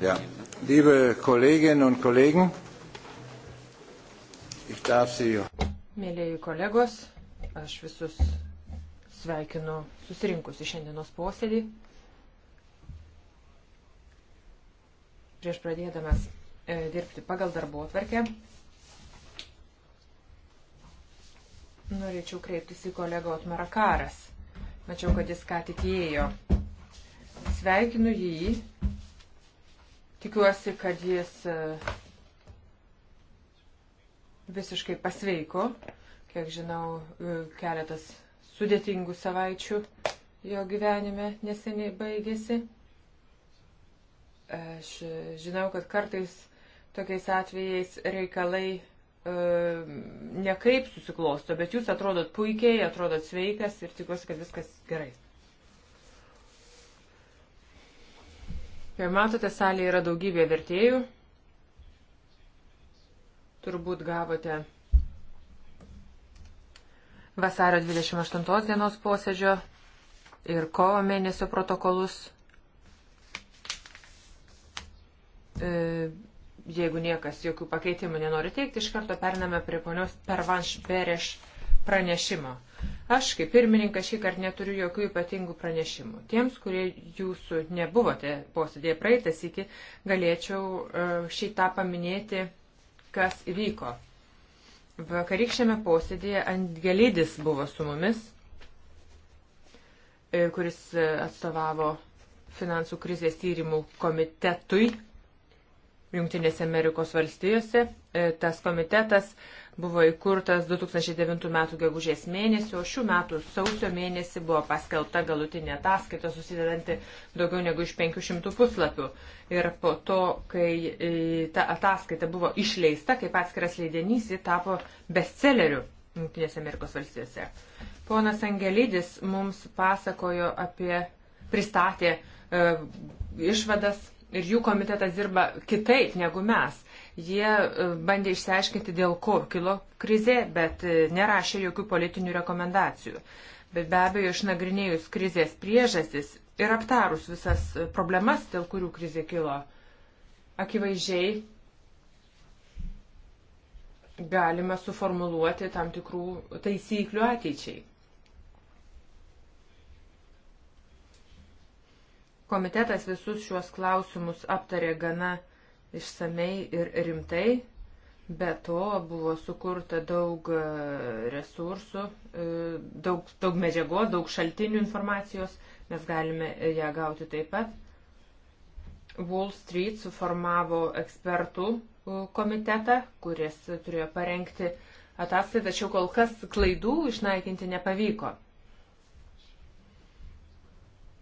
Ja. Liebe Kolleginnen und Kollegen, ich darf Sie. Mėlėjai kolegos, aš visus sveikinu susirinkus į šiandienos posėdį. Prieš pradėdamas e, dirbti pagal darbo atverkę, norėčiau kreiptis į kolegą Otmarakas. Mačiau, kad jis ką tik įėjo. Sveikinu jį Tikiuosi, kad jis e, visiškai pasveiko. Kiek žinau, e, keletas sudėtingų savaičių jo gyvenime neseniai baigėsi. Aš e, žinau, kad kartais tokiais atvejais reikalai nekaip susiklosto, bet jūs atrodot puikiai, atrodot sveikas ir tikiuosi, kad viskas gerai. Kaip matote, salėje yra daugybė vertėjų. Turbūt gavote vasario 28 dienos posėdžio ir kovo mėnesio protokolus. E, jeigu niekas jokių pakeitimų nenori teikti, iš karto pername prie ponios Pervanš Bereš pranešimo. Aš kaip pirmininkas šį kartą neturiu jokių ypatingų pranešimų. Tiems, kurie jūsų nebuvote posėdėje praeitas iki, galėčiau e, šitą paminėti, kas įvyko. Vakarykščiame posėdėje Angelidis buvo su mumis, e, kuris e, atstovavo finansų krizės tyrimų komitetui Junktinėse Amerikos valstijose. Tas komitetas uh, buvo įkurtas 2009 m. gegužės mėnesį, o šių metų sausio mėnesį buvo paskelbta galutinė ataskaita susidedanti daugiau negu iš 500 puslapių. Ir po to, kai e, ta ataskaita buvo išleista kaip atskiras leidinys, ji tapo bestselleriu Junktinėse Amerikos valstijose. Ponas Angelidis mums pasakojo apie, pristatė e, išvadas ir jų komitetas dirba kitaip negu mes. Jie e, bandė išsiaiškinti, dėl ko kilo krizė, bet e, nerašė jokių politinių rekomendacijų. Bet be abejo, išnagrinėjus krizės priežastis ir aptarus visas e, problemas, dėl kurių krizė kilo, akivaizdžiai galime suformuluoti tam tikrų taisyklių ateičiai. Komitetas visus šiuos klausimus aptarė gana išsamei ir rimtai. Be to buvo sukurta daug e, resursų, e, daug, daug medžiagos, daug šaltinių informacijos. Mes galime ją gauti taip pat. Wall Street suformavo ekspertų e, komitetą, kuris turėjo parengti ataskaitą, tačiau kol kas klaidų išnaikinti nepavyko.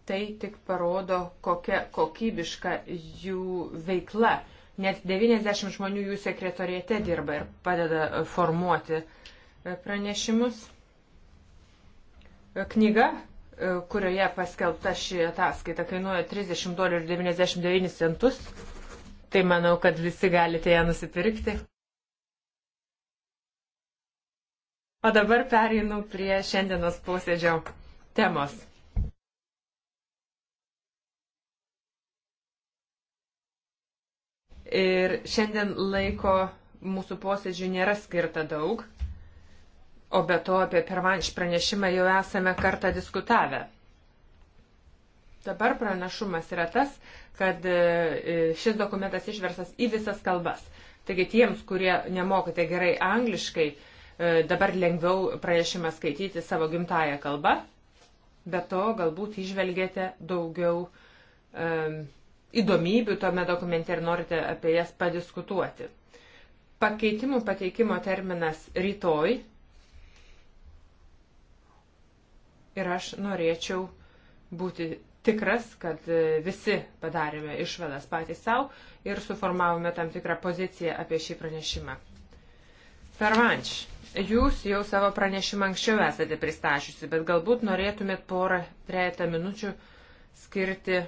Tai tik parodo, kokia kokybiška jų veikla. Net 90 žmonių jų sekretoriete dirba ir padeda formuoti e, pranešimus. E, knyga, e, kurioje paskelbta ši ataskaita, kainuoja 30 dolerių 99 centus. Tai manau, kad visi galite ją nusipirkti. O dabar perinu prie šiandienos posėdžio temos. Ir šiandien laiko mūsų posėdžių nėra skirta daug, o be to apie pirmanš pranešimą jau esame kartą diskutavę. Dabar pranašumas yra tas, kad e, šis dokumentas išversas į visas kalbas. Taigi tiems, kurie nemokate gerai angliškai, e, dabar lengviau pranešimą skaityti savo gimtają kalbą, bet to galbūt išvelgėte daugiau um, įdomybių tome dokumente ir norite apie jas padiskutuoti. Pakeitimų pateikimo terminas rytoj. Ir aš norėčiau būti tikras, kad e, visi padarėme išvadas patys savo ir suformavome tam tikrą poziciją apie šį pranešimą. Fervanč, jūs jau savo pranešimą anksčiau esate pristačiusi, bet galbūt norėtumėt porą, trejata minučių skirti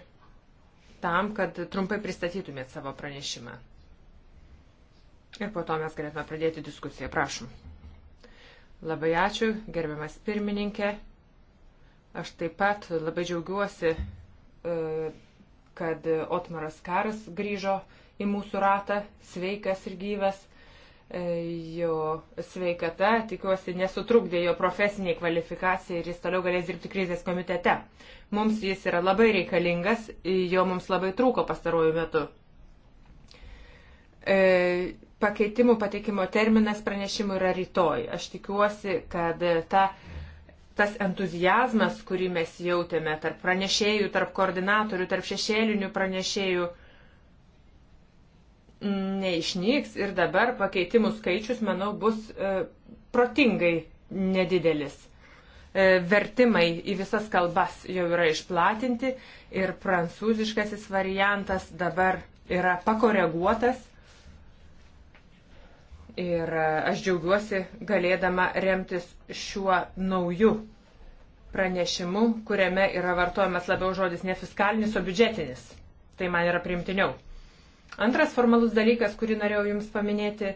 tam, kad trumpai pristatytumėt savo pranešimą. Ir po to mes galėtume pradėti diskusiją. Prašom. Labai ačiū, gerbiamas pirmininkė. Aš taip pat labai džiaugiuosi, e, kad Otmaras Karas grįžo į mūsų ratą, sveikas ir gyvas. E, jo sveikata, tikiuosi, nesutrukdė jo profesiniai kvalifikacijai ir jis toliau galės dirbti krizės komitete. Mums jis yra labai reikalingas, jo mums labai trūko pastaruoju metu. E, pakeitimų pateikimo terminas pranešimų yra rytoj. Aš tikiuosi, kad ta, tas entuzijazmas, kurį mes jautėme tarp pranešėjų, tarp koordinatorių, tarp šešėlinių pranešėjų, e, neišnyks ir dabar pakeitimų skaičius, manau, bus e, protingai nedidelis. E, vertimai į visas kalbas jau yra išplatinti ir prancūziškasis variantas dabar yra pakoreguotas. Ir e, aš džiaugiuosi galėdama remtis šiuo nauju pranešimu, kuriame yra vartojamas labiau žodis ne fiskalinis, o biudžetinis. Tai man yra primtiniau. Antras formalus dalykas, kurį norėjau Jums paminėti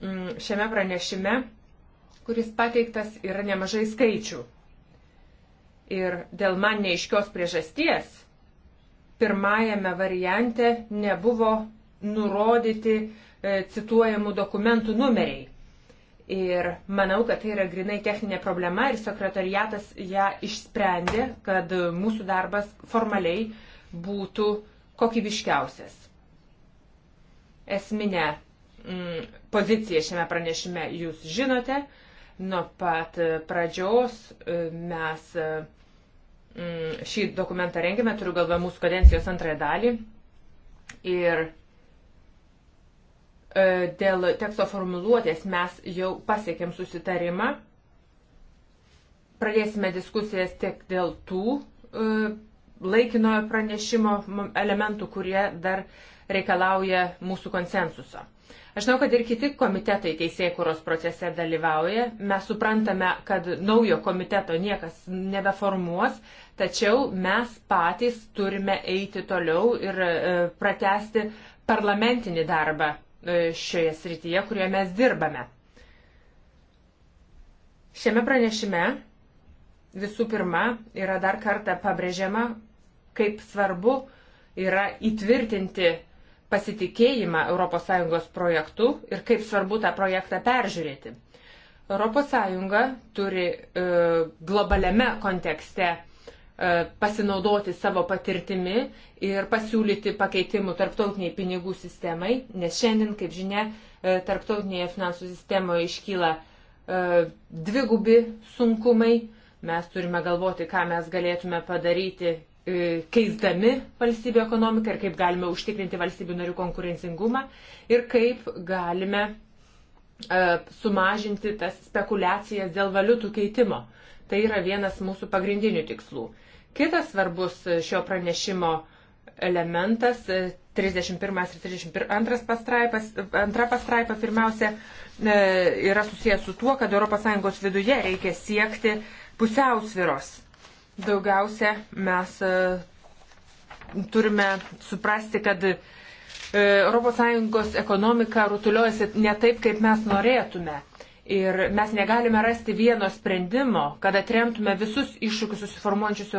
mm, šiame pranešime, kuris pateiktas, yra nemažai skaičių. Ir dėl man neiškios priežasties, pirmajame variante nebuvo nurodyti e, cituojamų dokumentų numeriai. Ir manau, kad tai yra grinai techninė problema ir sekretariatas ją išsprendė, kad mūsų darbas formaliai e, būtų kokybiškiausias. Esminę mm, poziciją šiame pranešime jūs žinote. Nuo pat e, pradžios e, mes e, mm, šį dokumentą rengėme, turiu galvoje mūsų kadencijos antrąją dalį. Ir dėl teksto formuluotės mes jau pasiekėm susitarimą. Pradėsime diskusijas tiek dėl tų laikinojo pranešimo elementų, kurie dar reikalauja mūsų konsensuso. Aš žinau, kad ir kiti komitetai teisėkuros procese dalyvauja. Mes suprantame, kad naujo komiteto niekas nebeformuos, tačiau mes patys turime eiti toliau ir e, pratesti parlamentinį darbą e, šioje srityje, kurioje mes dirbame. Šiame pranešime visų pirma yra dar kartą pabrėžiama, kaip svarbu yra įtvirtinti pasitikėjimą ES projektu ir kaip svarbu tą projektą peržiūrėti. ES turi e, globaliame kontekste e, pasinaudoti savo patirtimi ir pasiūlyti pakeitimų tarptautiniai pinigų sistemai, nes šiandien, kaip žinia, e, tarptautinėje finansų sistemoje iškyla e, dvigubi sunkumai. Mes turime galvoti, ką mes galėtume padaryti E, keisdami valstybių ekonomiką ir kaip galime užtikrinti valstybių narių konkurencingumą ir kaip galime e, sumažinti tas spekulacijas dėl valiutų keitimo. Tai yra vienas mūsų pagrindinių tikslų. Kitas svarbus šio pranešimo elementas 31 e, ir 32 pastraipas, antra pastraipa pirmiausia yra susijęs su tuo, kad ES viduje reikia siekti pusiausviros Daugiausia mes e, turime suprasti, kad ES ekonomika rutuliuojasi ne taip, kaip mes norėtume. Ir mes negalime rasti vieno sprendimo, kad atremtume visus iššūkius susiformuojančius ES.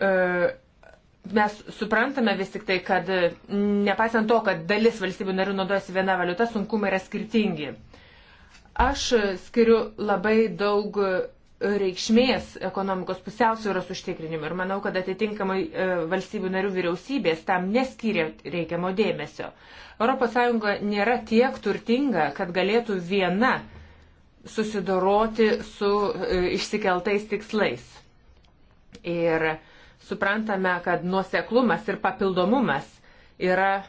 E, mes suprantame vis tik tai, kad e, nepaisant to, kad dalis valstybių narių naudojasi viena valiuta, sunkumai yra skirtingi. Aš skiriu labai daug reikšmės ekonomikos pusiausvėros užtikrinimui. Ir manau, kad atitinkamai e, valstybių narių vyriausybės tam neskyrė reikiamo dėmesio. ES nėra tiek turtinga, kad galėtų viena susidoroti su e, išsikeltais tikslais. Ir suprantame, kad nuoseklumas ir papildomumas yra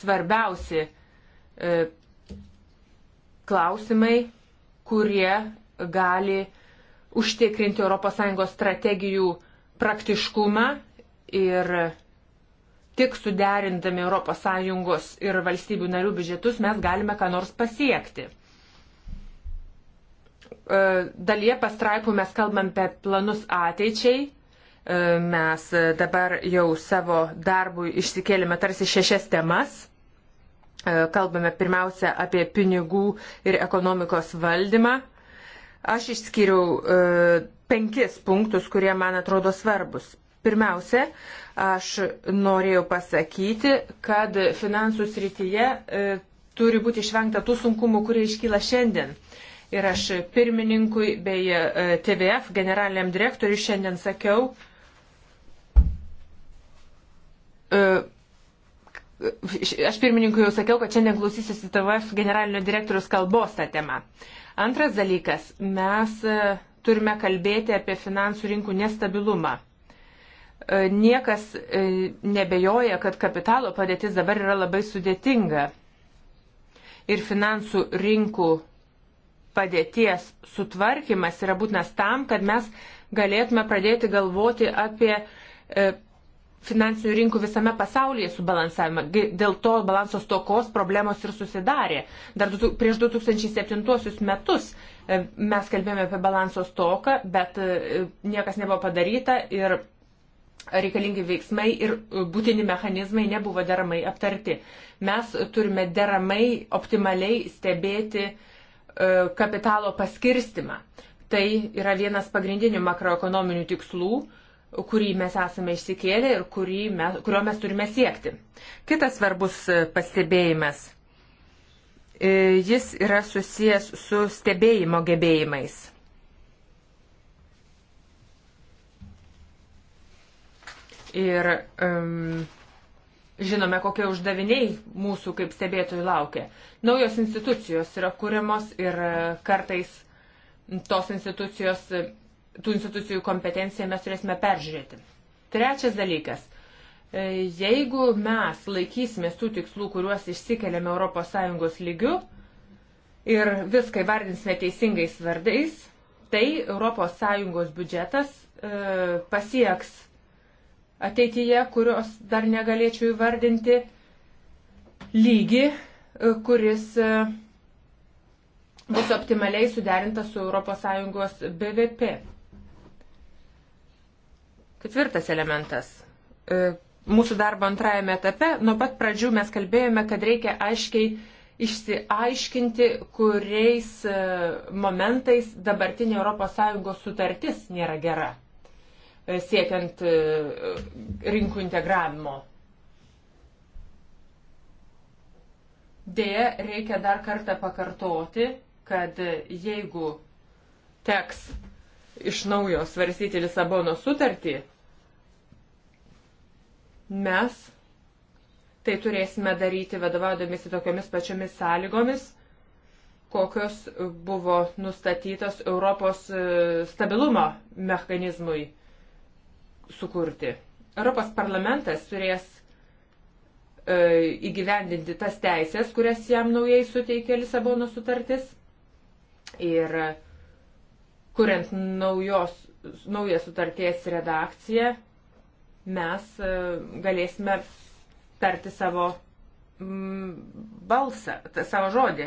svarbiausi e, klausimai, kurie gali uh, užtikrinti ES strategijų praktiškumą ir tik suderindami ES ir valstybių narių biudžetus mes galime ką nors pasiekti. E, dalyje pastraipų mes kalbam apie planus ateičiai. E, mes dabar jau savo darbui išsikėlėme tarsi šešias temas. E, kalbame pirmiausia apie pinigų ir ekonomikos valdymą Aš išskiriau e, penkis punktus, kurie man atrodo svarbus. Pirmiausia, aš norėjau pasakyti, kad finansų srityje e, turi būti išvengta tų sunkumų, kurie iškyla šiandien. Ir aš pirmininkui bei e, TVF generaliniam direktoriui šiandien sakiau, e, aš pirmininkui jau sakiau, kad šiandien klausysiuosi TVF generalinio direktorius kalbos tą temą. E, Antras dalykas, mes e, turime kalbėti apie finansų rinkų nestabilumą. E, niekas e, nebejoja, kad kapitalo padėtis dabar yra labai sudėtinga. Ir finansų rinkų padėties sutvarkymas yra būtinas tam, kad mes galėtume pradėti galvoti apie finansinių rinkų visame pasaulyje subalansavimą. Dėl to balansos tokos problemos ir susidarė. Dar du, prieš 2007 metus e, mes kalbėjome apie balansos toką, bet e, niekas nebuvo padaryta ir reikalingi veiksmai ir e, būtini mechanizmai nebuvo deramai aptarti. Mes turime deramai, optimaliai stebėti kapitalo paskirstimą. Tai yra vienas pagrindinių makroekonominių tikslų, kurį mes esame išsikėlę ir mes, kurio mes turime siekti. Kitas svarbus e, pastebėjimas. E, jis yra susijęs su stebėjimo gebėjimais. Ir um, žinome, kokie uždaviniai mūsų kaip stebėtojų laukia. Naujos institucijos yra kūriamos ir e, kartais tos institucijos tų institucijų kompetenciją mes turėsime peržiūrėti. Trečias dalykas. E, jeigu mes laikysime tų tikslų, kuriuos išsikeliame ES lygiu ir viską įvardinsime teisingais vardais, tai ES biudžetas e, pasieks ateityje, kurios dar negalėčiau įvardinti, lygį, e, kuris e, bus optimaliai suderintas su ES BVP. Ketvirtas elementas. E, mūsų darbo antrajame etape nuo pat pradžių mes kalbėjome, kad reikia aiškiai išsiaiškinti, kuriais e, momentais dabartinė ES sutartis nėra gera, e, siekiant rinkų integravimo. Deja, reikia dar kartą pakartoti, kad jeigu teks iš naujo svarstyti Lisabono sutartį, mes tai turėsime daryti vadovaudomėsi tokiomis pačiomis sąlygomis, kokios buvo nustatytos Europos e, stabilumo mechanizmui sukurti. Europos parlamentas turės e, įgyvendinti tas teisės, kurias jam naujai suteikė Lisabono sutartis. Ir uh, kuriant naujos, naują sutarties redakciją, mes e, galėsime tarti savo mm, balsą, savo žodį.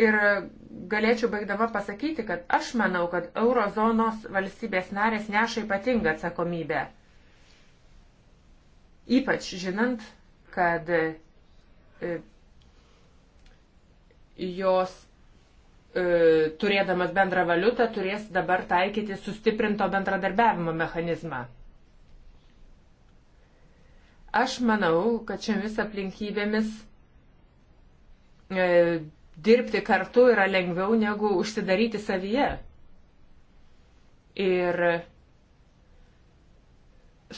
Ir galėčiau baigdama pasakyti, kad aš manau, kad eurozonos valstybės narės neša ypatingą atsakomybę. Ypač žinant, kad e, jos E, turėdamas bendrą valiutą, turės dabar taikyti sustiprinto bendradarbiavimo mechanizmą. Aš manau, kad šiomis aplinkybėmis e, dirbti kartu yra lengviau negu užsidaryti savyje. Ir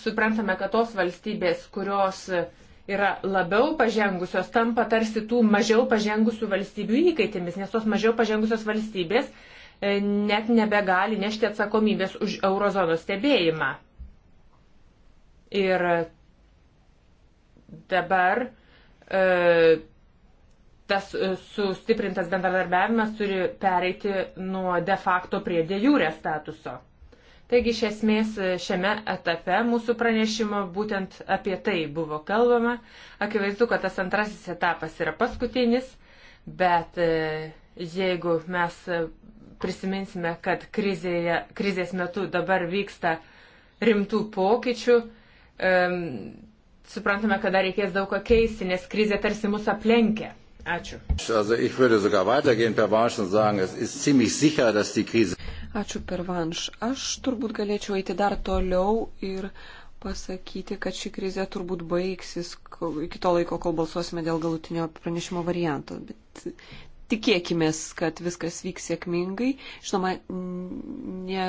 suprantame, kad tos valstybės, kurios e, yra labiau pažengusios, tampa tarsi tų mažiau pažengusių valstybių įkaitėmis, nes tos mažiau pažengusios valstybės e, net nebegali nešti atsakomybės už eurozonos stebėjimą. Ir dabar e, tas sustiprintas bendradarbiavimas turi pereiti nuo de facto prie de jure statuso. Taigi iš esmės šiame etape mūsų pranešimo būtent apie tai buvo kalbama. Akivaizdu, kad tas antrasis etapas yra paskutinis, bet e, jeigu mes prisiminsime, kad krizėje, krizės metu dabar vyksta rimtų pokyčių, um, suprantame, kad dar reikės daug ką keisti, nes krizė tarsi mus aplenkė. Ačiū. Also, ich würde sogar weitergehen, Herr Barsch, und sagen, es ist ziemlich sicher, dass die Krise. Ačiū per vanš. Aš turbūt galėčiau eiti dar toliau ir pasakyti, kad ši krizė turbūt baigsis iki to laiko, kol balsuosime dėl galutinio pranešimo varianto. Bet tikėkime, kad viskas vyks sėkmingai. Žinoma, ne,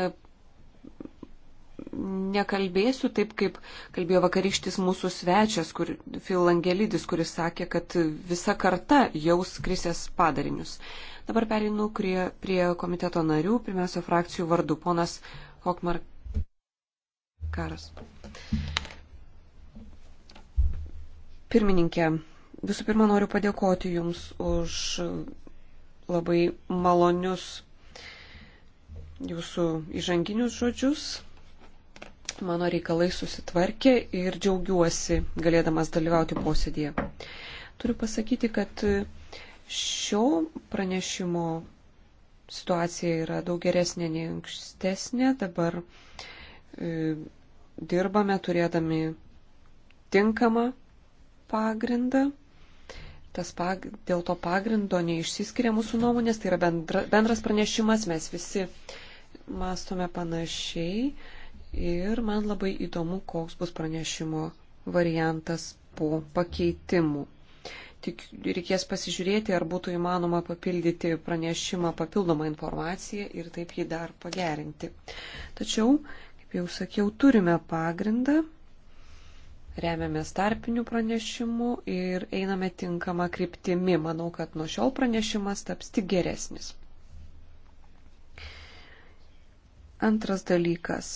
nekalbėsiu taip, kaip kalbėjo vakarykštis mūsų svečias, kur, Filangelidis, kuris sakė, kad visa karta jaus krisės padarinius. Uh, Dabar perinu prie, prie komiteto narių, pirmiausia, frakcijų vardų. Ponas Hokmar Karas. Pirmininkė, visų pirma, noriu padėkoti Jums už labai malonius Jūsų įžanginius žodžius mano reikalai susitvarkė ir džiaugiuosi galėdamas dalyvauti posėdėje. Turiu pasakyti, kad Šio pranešimo situacija yra daug geresnė nei ankstesnė. Dabar e, dirbame turėdami tinkamą pagrindą. Tas pag, dėl to pagrindo neišsiskiria mūsų nuomonės, tai yra bendra, bendras pranešimas, mes visi mastome panašiai ir man labai įdomu, koks bus pranešimo variantas po pakeitimų. Tik reikės pasižiūrėti, ar būtų įmanoma papildyti pranešimą papildomą informaciją ir taip jį dar pagerinti. Tačiau, kaip jau sakiau, turime pagrindą, remiamės tarpinių pranešimų ir einame tinkamą kryptimį. Manau, kad nuo šiol pranešimas taps tik geresnis. Antras dalykas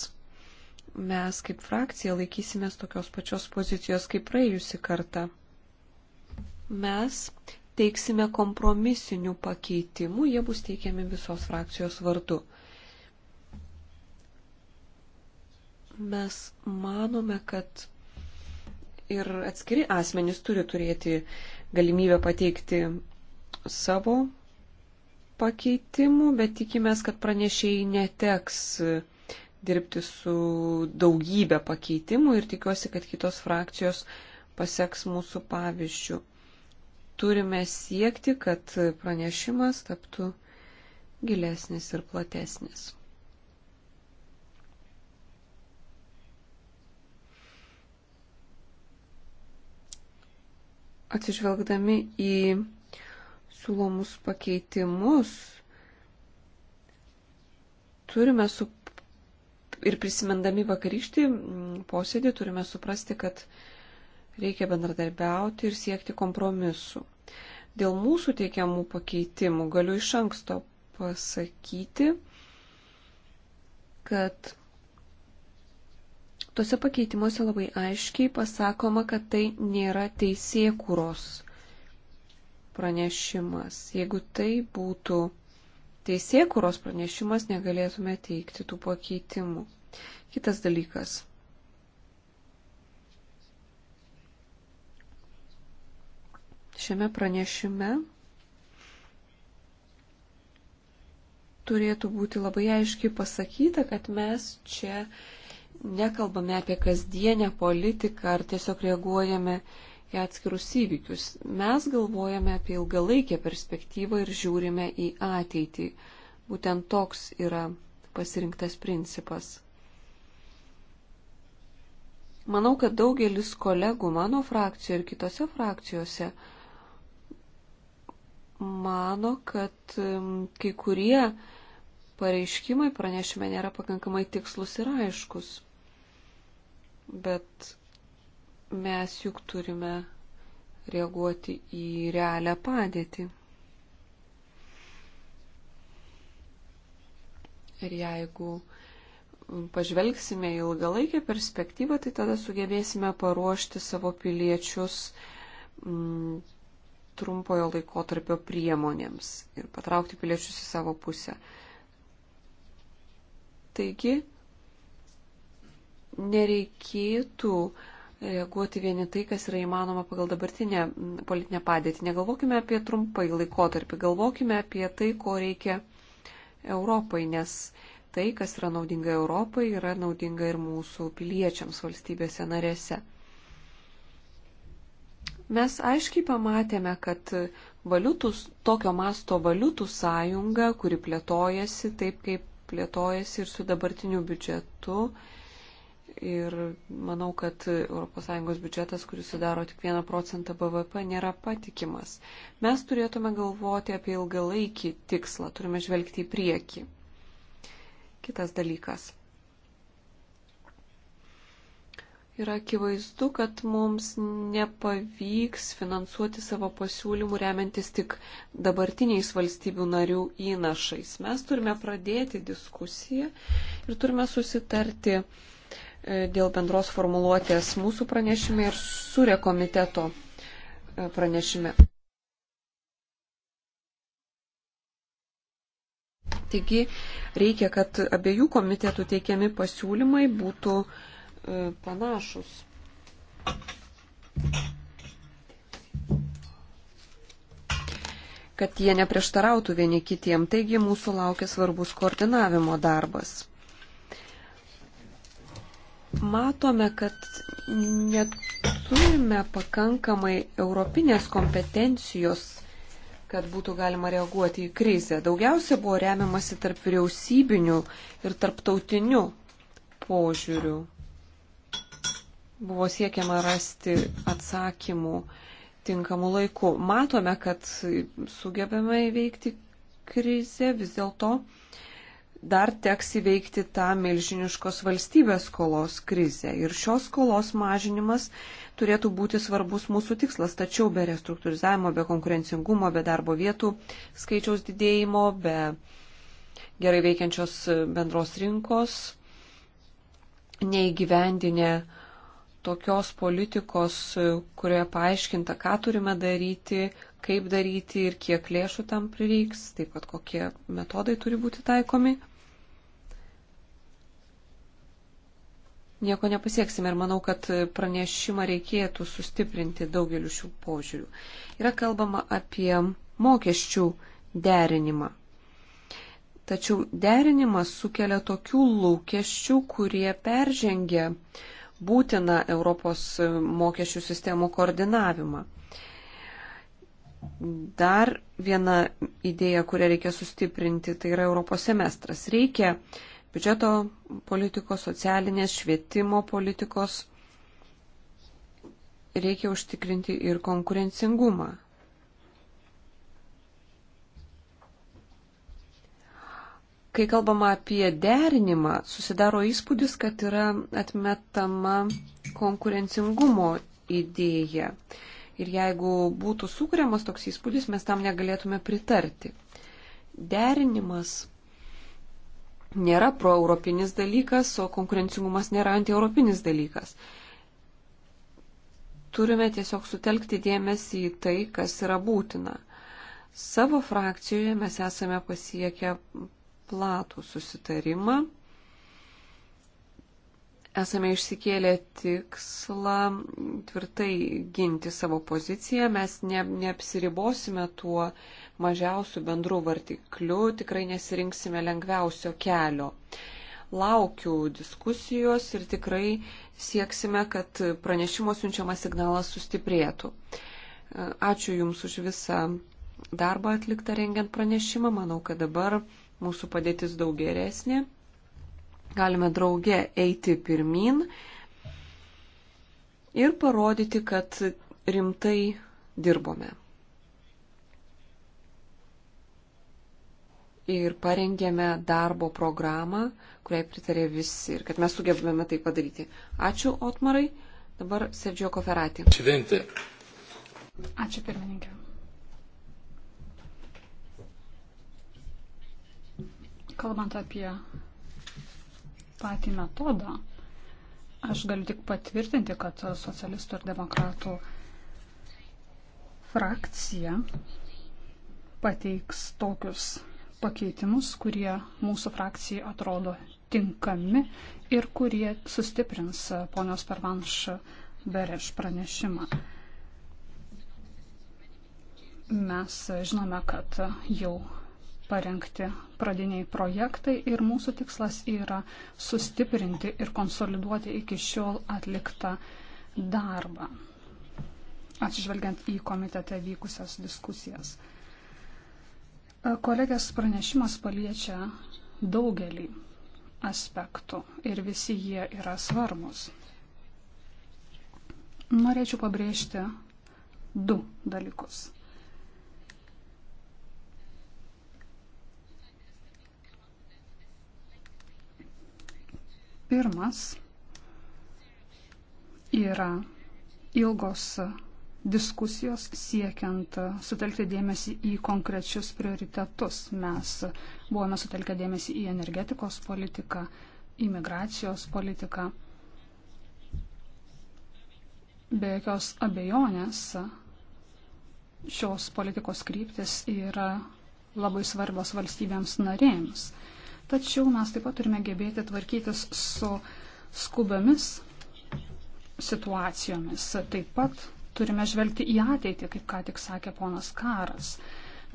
mes kaip frakcija laikysimės tokios pačios pozicijos kaip praėjusi kartą mes teiksime kompromisinių pakeitimų, jie bus teikiami visos frakcijos vardu. Mes manome, kad ir atskiri asmenys turi turėti galimybę pateikti savo pakeitimų, bet tikimės, kad pranešėjai neteks dirbti su daugybė pakeitimų ir tikiuosi, kad kitos frakcijos paseks mūsų pavyzdžių turime siekti, kad pranešimas taptų gilesnis ir platesnis. Atsižvelgdami į siūlomus pakeitimus, turime su ir prisimendami vakarykštį posėdį, turime suprasti, kad uh, Reikia bendradarbiauti ir siekti kompromisų. Dėl mūsų teikiamų pakeitimų galiu iš anksto pasakyti, kad tose pakeitimuose labai aiškiai pasakoma, kad tai nėra teisėkūros pranešimas. Jeigu tai būtų teisėkūros pranešimas, negalėtume teikti tų pakeitimų. Kitas dalykas. šiame pranešime turėtų būti labai aiškiai pasakyta, kad mes čia nekalbame apie kasdienę politiką ar tiesiog reaguojame į atskirus įvykius. Mes galvojame apie ilgalaikę perspektyvą ir žiūrime į ateitį. Būtent toks yra pasirinktas principas. Manau, kad daugelis kolegų mano frakcijoje ir kitose frakcijose mano, kad kai kurie pareiškimai pranešime nėra pakankamai tikslus ir aiškus. Bet mes juk turime reaguoti į realią padėtį. Ir jeigu pažvelgsime į ilgalaikę perspektyvą, tai tada sugebėsime paruošti savo piliečius mm, trumpojo laikotarpio priemonėms ir patraukti piliečius į savo pusę. Taigi, nereikėtų reaguoti vieni tai, kas yra įmanoma pagal dabartinę politinę padėtį. Negalvokime apie trumpai laikotarpį, galvokime apie tai, ko reikia Europai, nes tai, kas yra naudinga Europai, yra naudinga ir mūsų piliečiams valstybėse narėse. Mes aiškiai pamatėme, kad valiutus, tokio masto valiutų sąjunga, kuri plėtojasi taip, kaip plėtojasi ir su dabartiniu biudžetu, ir manau, kad ES biudžetas, kuris sudaro tik 1 procentą BVP, nėra patikimas. Mes turėtume galvoti apie ilgalaikį tikslą, turime žvelgti į priekį. Kitas dalykas. yra akivaizdu, kad mums nepavyks finansuoti savo pasiūlymų remiantis tik dabartiniais valstybių narių įnašais. Mes turime pradėti diskusiją ir turime susitarti e, dėl bendros formuluotės mūsų pranešime ir surė komiteto e, pranešime. Taigi reikia, kad abiejų komitetų teikiami pasiūlymai būtų uh, E, panašus. Kad jie neprieštarautų vieni kitiem, taigi mūsų laukia svarbus koordinavimo darbas. Matome, kad neturime pakankamai europinės kompetencijos kad būtų galima reaguoti į krizę. Daugiausia buvo remiamasi tarp vyriausybinių ir tarptautinių požiūrių buvo siekiama rasti atsakymų tinkamų laikų. Matome, kad sugebame įveikti krizę, vis dėlto dar teks įveikti tą milžiniškos valstybės skolos krizę. Ir šios skolos mažinimas turėtų būti svarbus mūsų tikslas, tačiau be restruktūrizavimo, be konkurencingumo, be darbo vietų skaičiaus didėjimo, be gerai veikiančios bendros rinkos, neįgyvendinę uh, tokios politikos, kurioje paaiškinta, ką turime daryti, kaip daryti ir kiek lėšų tam prireiks, taip pat kokie metodai turi būti taikomi. Nieko nepasieksime ir manau, kad pranešimą reikėtų sustiprinti daugeliu šių požiūrių. Yra kalbama apie mokesčių derinimą. Tačiau derinimas sukelia tokių lūkesčių, kurie peržengia uh, būtiną Europos mokesčių sistemų koordinavimą. Dar viena idėja, kurią reikia sustiprinti, tai yra Europos semestras. Reikia biudžeto politikos, socialinės, švietimo politikos, reikia užtikrinti ir konkurencingumą. kai kalbama apie derinimą, susidaro įspūdis, kad yra atmetama konkurencingumo idėja. Ir jeigu būtų sukūriamas toks įspūdis, mes tam negalėtume pritarti. Derinimas nėra proeuropinis dalykas, o konkurencingumas nėra antieuropinis dalykas. Turime tiesiog sutelkti dėmesį į tai, kas yra būtina. Savo frakcijoje mes esame pasiekę platų susitarimą. Esame išsikėlę tikslą tvirtai ginti savo poziciją. Mes ne, neapsiribosime tuo mažiausių bendrų vartiklių, tikrai nesirinksime lengviausio kelio laukiu diskusijos ir tikrai sieksime, kad pranešimo siunčiamas signalas sustiprėtų. Ačiū Jums už visą darbą atliktą rengiant pranešimą. Manau, kad dabar mūsų padėtis daug geresnė, galime drauge eiti pirmin ir parodyti, kad rimtai dirbome. Ir parengėme darbo programą, kuriai pritarė visi ir kad mes sugebėjome tai padaryti. Ačiū, Otmarai. Dabar Sergio Koferatį. Ačiū, pirmininkė. Kalbant apie patį metodą, aš galiu tik patvirtinti, kad socialistų ir demokratų frakcija pateiks tokius pakeitimus, kurie mūsų frakcijai atrodo tinkami ir kurie sustiprins ponios Pervanš Bereš pranešimą. Mes žinome, kad jau parengti pradiniai projektai ir mūsų tikslas yra sustiprinti ir konsoliduoti iki šiol atliktą darbą, atsižvelgiant į komitete vykusias diskusijas. E, kolegės pranešimas paliečia daugelį aspektų ir visi jie yra svarbus. Norėčiau pabrėžti du dalykus. Pirmas yra ilgos diskusijos siekiant sutelkti dėmesį į konkrečius prioritetus. Mes buvome sutelkę dėmesį į energetikos politiką, imigracijos politiką. Be jokios abejonės šios politikos kryptis yra labai svarbios valstybėms narėms. Tačiau mes taip pat turime gebėti tvarkytis su skubiamis situacijomis. Taip pat turime žvelgti į ateitį, kaip ką tik sakė ponas Karas.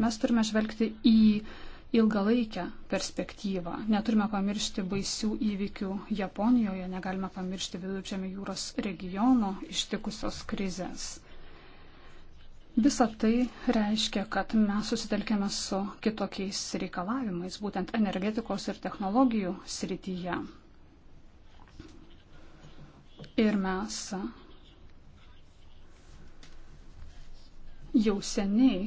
Mes turime žvelgti į ilgalaikę perspektyvą. Neturime pamiršti baisių įvykių Japonijoje, negalime pamiršti viduržėmio jūros regiono ištikusios krizės. Visa tai reiškia, kad mes susitelkėme su kitokiais reikalavimais, būtent energetikos ir technologijų srityje. Ir mes jau seniai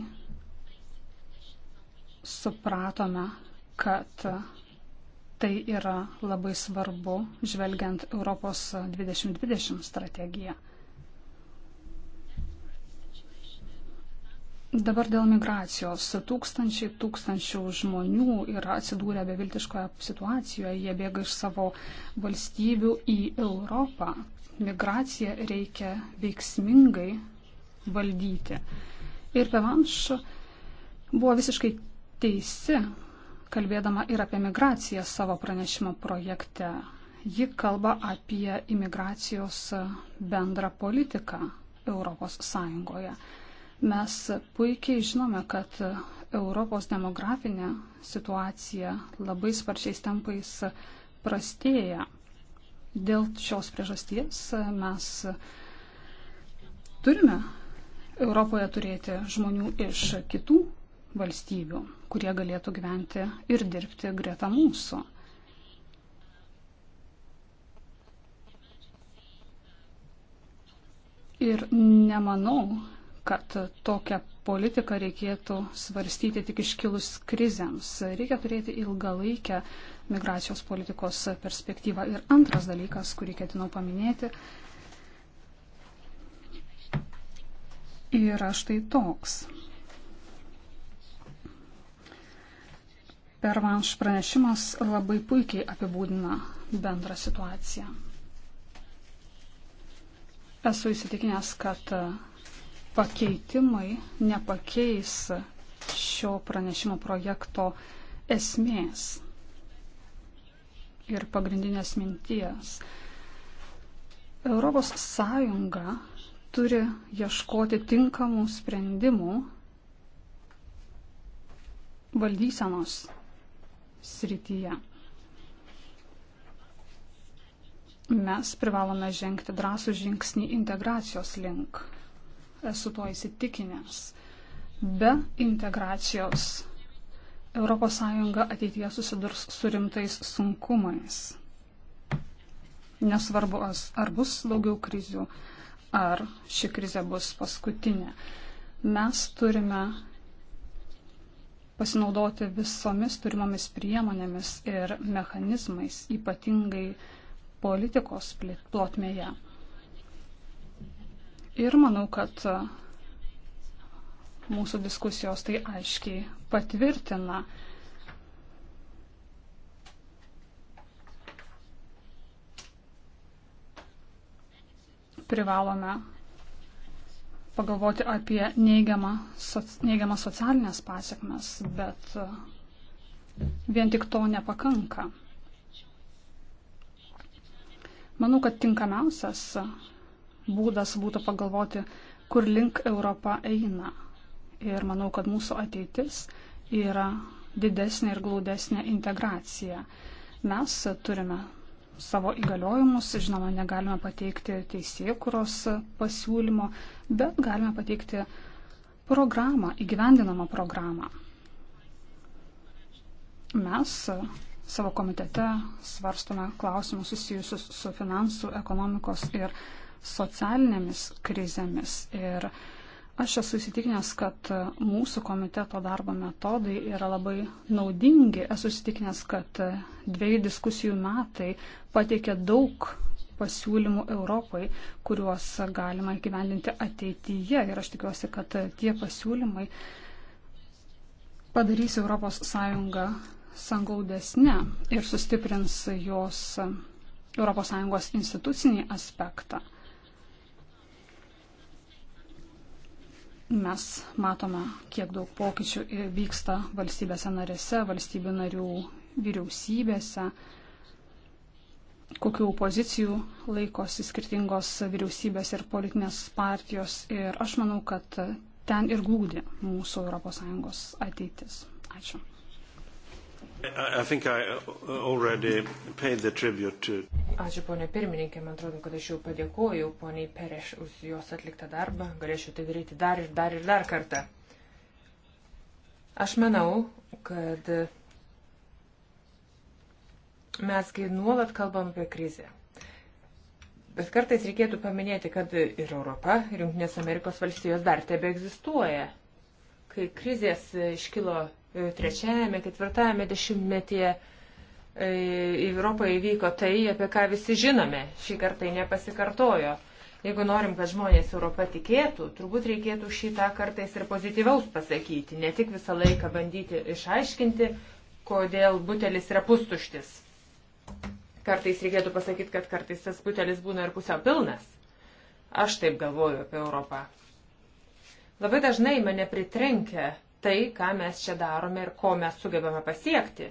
supratome, kad tai yra labai svarbu, žvelgiant Europos 2020 strategiją. Dabar dėl migracijos. Tūkstančiai, tūkstančių žmonių yra atsidūrę beviltiškoje situacijoje, jie bėga iš savo valstybių į Europą. Migraciją reikia veiksmingai valdyti. Ir Pevanš buvo visiškai teisi, kalbėdama ir apie migraciją savo pranešimo projekte. Ji kalba apie imigracijos bendrą politiką Europos Sąjungoje. Mes puikiai žinome, kad Europos demografinė situacija labai sparčiais tempais prastėja. Dėl šios priežasties mes turime Europoje turėti žmonių iš kitų valstybių, kurie galėtų gyventi ir dirbti greta mūsų. Ir nemanau, kad tokią politiką reikėtų svarstyti tik iškilus krizėms. Reikia turėti ilgalaikę migracijos politikos perspektyvą. Ir antras dalykas, kurį ketinau paminėti, yra štai toks. Pervanš pranešimas labai puikiai apibūdina bendrą situaciją. Esu įsitikinęs, kad pakeitimai nepakeis šio pranešimo projekto esmės ir pagrindinės minties. Europos Sąjunga turi ieškoti tinkamų sprendimų valdysenos srityje. Mes privalome žengti drąsų žingsnį integracijos link esu tuo įsitikinęs. Be integracijos ES ateityje susidurs su rimtais sunkumais. Nesvarbu, ar bus daugiau krizių, ar ši krizė bus paskutinė. Mes turime pasinaudoti visomis turimomis priemonėmis ir mechanizmais, ypatingai politikos plotmėje. Ir manau, kad e, mūsų diskusijos tai aiškiai patvirtina. Privalome pagalvoti apie neigiamą, soc, neigiamą socialinės pasiekmes, bet e, vien tik to nepakanka. Manau, kad tinkamiausias būdas būtų pagalvoti, kur link Europa eina. Ir manau, kad mūsų ateitis yra didesnė ir glaudesnė integracija. Mes turime savo įgaliojimus, žinoma, negalime pateikti teisėkuros pasiūlymo, bet galime pateikti programą, įgyvendinamą programą. Mes savo komitete svarstome klausimus susijusius su finansų, ekonomikos ir socialinėmis krizėmis. Ir aš esu įsitikinęs, kad mūsų komiteto darbo metodai yra labai naudingi. Esu įsitikinęs, kad dviejų diskusijų metai pateikė daug pasiūlymų Europai, kuriuos galima įgyvendinti ateityje. Ir aš tikiuosi, kad tie pasiūlymai padarys ES sangaudesnė ir sustiprins jos ES institucinį aspektą. Mes matome, kiek daug pokyčių vyksta valstybėse narėse, valstybių narių vyriausybėse, kokių pozicijų laikosi skirtingos vyriausybės ir politinės partijos. Ir aš manau, kad ten ir glūdi mūsų ES ateitis. Ačiū. I, I to... Ačiū ponė pirmininkė, man atrodo, kad aš jau padėkoju poniai Pereš už jos atliktą darbą, galėčiau tai daryti dar ir dar ir dar kartą. Aš manau, kad mes kai nuolat kalbam apie krizę. Bet kartais reikėtų paminėti, kad ir Europa, ir Junktinės Amerikos valstijos dar tebe egzistuoja. Kai krizės iškilo trečiajame, ketvirtajame dešimtmetyje į e, Europą įvyko tai, apie ką visi žinome. Šį kartą tai nepasikartojo. Jeigu norim, kad žmonės Europą tikėtų, turbūt reikėtų šitą kartais ir pozityvaus pasakyti, ne tik visą laiką bandyti išaiškinti, kodėl butelis yra pustuštis. Kartais reikėtų pasakyti, kad kartais tas butelis būna ir pusiau pilnas. Aš taip galvoju apie Europą. Labai dažnai mane pritrenkia tai, ką mes čia darome ir ko mes sugebame pasiekti.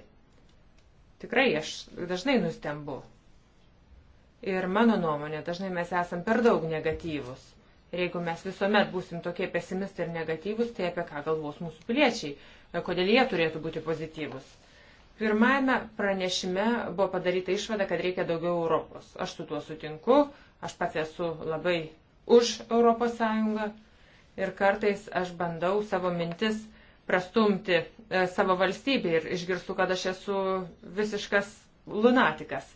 Tikrai aš dažnai nustembu. Ir mano nuomonė, dažnai mes esam per daug negatyvus. Ir jeigu mes visuomet būsim tokie pesimistai ir negatyvus, tai apie ką galvos mūsų piliečiai, e, kodėl jie turėtų būti pozityvus. Pirmajame pranešime buvo padaryta išvada, kad reikia daugiau Europos. Aš su tuo sutinku, aš pats esu labai už Europos Sąjungą ir kartais aš bandau savo mintis prastumti e, savo valstybę ir išgirstu, kad aš esu visiškas lunatikas.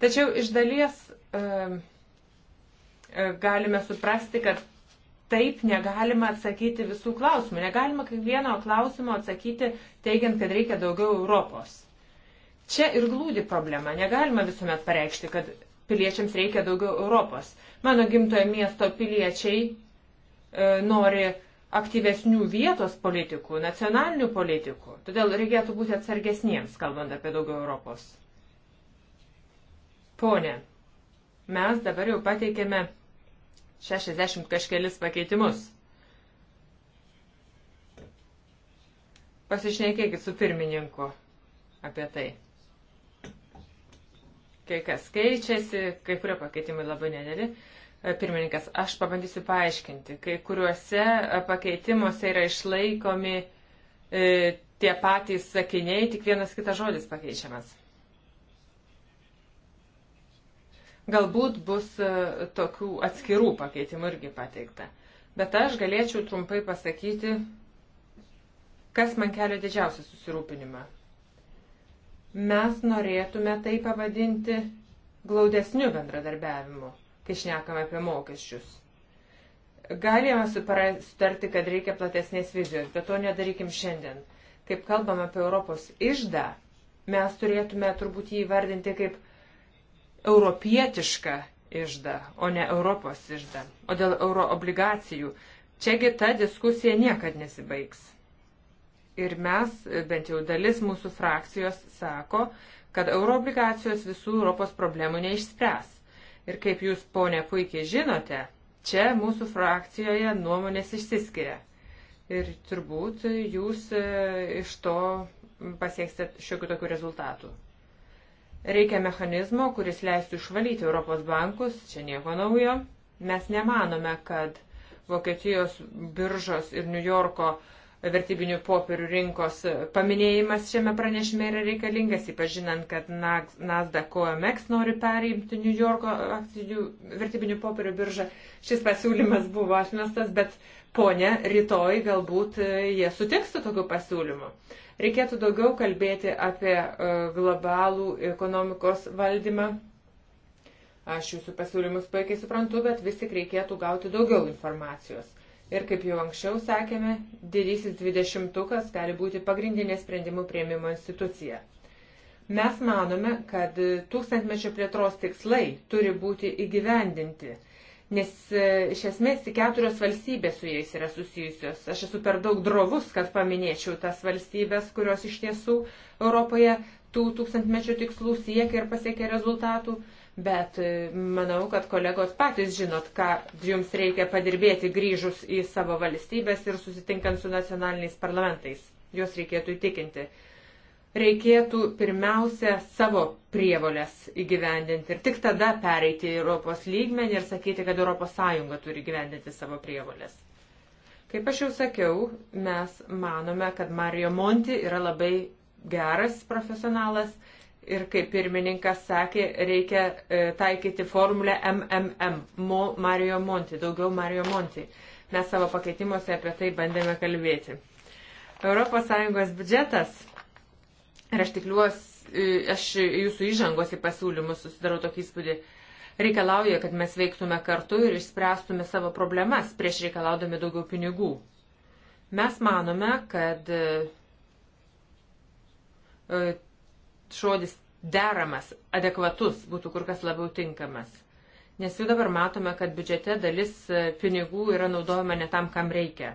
Tačiau iš dalies e, e, galime suprasti, kad taip negalima atsakyti visų klausimų. Negalima kiekvieno klausimo atsakyti teigiant, kad reikia daugiau Europos. Čia ir glūdi problema. Negalima visuomet pareikšti, kad piliečiams reikia daugiau Europos. Mano gimtojo miesto piliečiai e, nori aktyvesnių vietos politikų, nacionalinių politikų. Todėl reikėtų būti atsargesniems, kalbant apie daugiau Europos. Pone, mes dabar jau pateikėme 60 kažkelis pakeitimus. Pasišnekėkit su pirmininku apie tai. Kai kas keičiasi, kai kurie pakeitimai labai nedėlė. E, pirmininkas, aš pabandysiu paaiškinti. Kai kuriuose e, pakeitimuose yra išlaikomi e, tie patys sakiniai, tik vienas kitas žodis pakeičiamas. Galbūt bus tokių atskirų pakeitimų irgi pateikta. Bet aš galėčiau trumpai pasakyti, kas man kelia didžiausią susirūpinimą. Mes norėtume tai pavadinti glaudesniu bendradarbiavimu kai šnekam apie mokesčius. Galima suprasti, kad reikia platesnės vizijos, bet to nedarykim šiandien. Kaip kalbam apie Europos išdą, mes turėtume turbūt jį įvardinti kaip europietišką išdą, o ne Europos išdą. O dėl euro obligacijų, čiagi ta diskusija niekad nesibaigs. Ir mes, bent jau dalis mūsų frakcijos, sako, kad euroobligacijos visų Europos problemų neišspręs. Ir kaip jūs, ponė, puikiai žinote, čia mūsų frakcijoje nuomonės išsiskiria. Ir turbūt jūs e, iš to pasieksite šiokių tokių rezultatų. Reikia mechanizmo, kuris leistų išvalyti Europos bankus, čia nieko naujo. Mes nemanome, kad Vokietijos biržos ir New Yorko uh, vertybinių popierių rinkos paminėjimas šiame pranešime yra reikalingas, ypač žinant, kad Nasdaq OMX nori perimti New Yorko akcijų vertybinių popierių biržą. Šis pasiūlymas buvo atmestas, bet ponė, rytoj galbūt e, jie sutiks su tokiu pasiūlymu. Reikėtų daugiau kalbėti apie e, globalų ekonomikos valdymą. Aš jūsų pasiūlymus puikiai suprantu, bet vis tik reikėtų gauti daugiau informacijos. Ir kaip jau anksčiau sakėme, didysis dvidešimtukas gali būti pagrindinė sprendimų prieimimo institucija. Mes manome, kad tūkstantmečio plėtros tikslai turi būti įgyvendinti, nes e, iš esmės tik keturios valstybės su jais yra susijusios. Aš esu per daug drovus, kad paminėčiau tas valstybės, kurios iš tiesų Europoje tų tūkstantmečio tikslų siekia ir pasiekia rezultatų bet e, manau, kad kolegos patys žinot, ką jums reikia padirbėti grįžus į savo valstybės ir susitinkant su nacionaliniais parlamentais. Juos reikėtų įtikinti. Reikėtų pirmiausia savo prievolės įgyvendinti ir tik tada pereiti į Europos lygmenį ir sakyti, kad ES turi įgyvendinti savo prievolės. Kaip aš jau sakiau, mes manome, kad Mario Monti yra labai geras profesionalas ir, kaip pirmininkas sakė, reikia e, taikyti formulę MMM, Mo Mario Monti, daugiau Mario Monti. Mes savo pakeitimuose apie tai bandėme kalbėti. ES biudžetas, ir aš tikliuos, e, aš jūsų įžangos į pasiūlymus susidarau tokį įspūdį, reikalauja, kad mes veiktume kartu ir išspręstume savo problemas prieš reikalaudami daugiau pinigų. Mes manome, kad e, žodis deramas, adekvatus būtų kur kas labiau tinkamas. Nes jau dabar matome, kad biudžete dalis e, pinigų yra naudojama ne tam, kam reikia.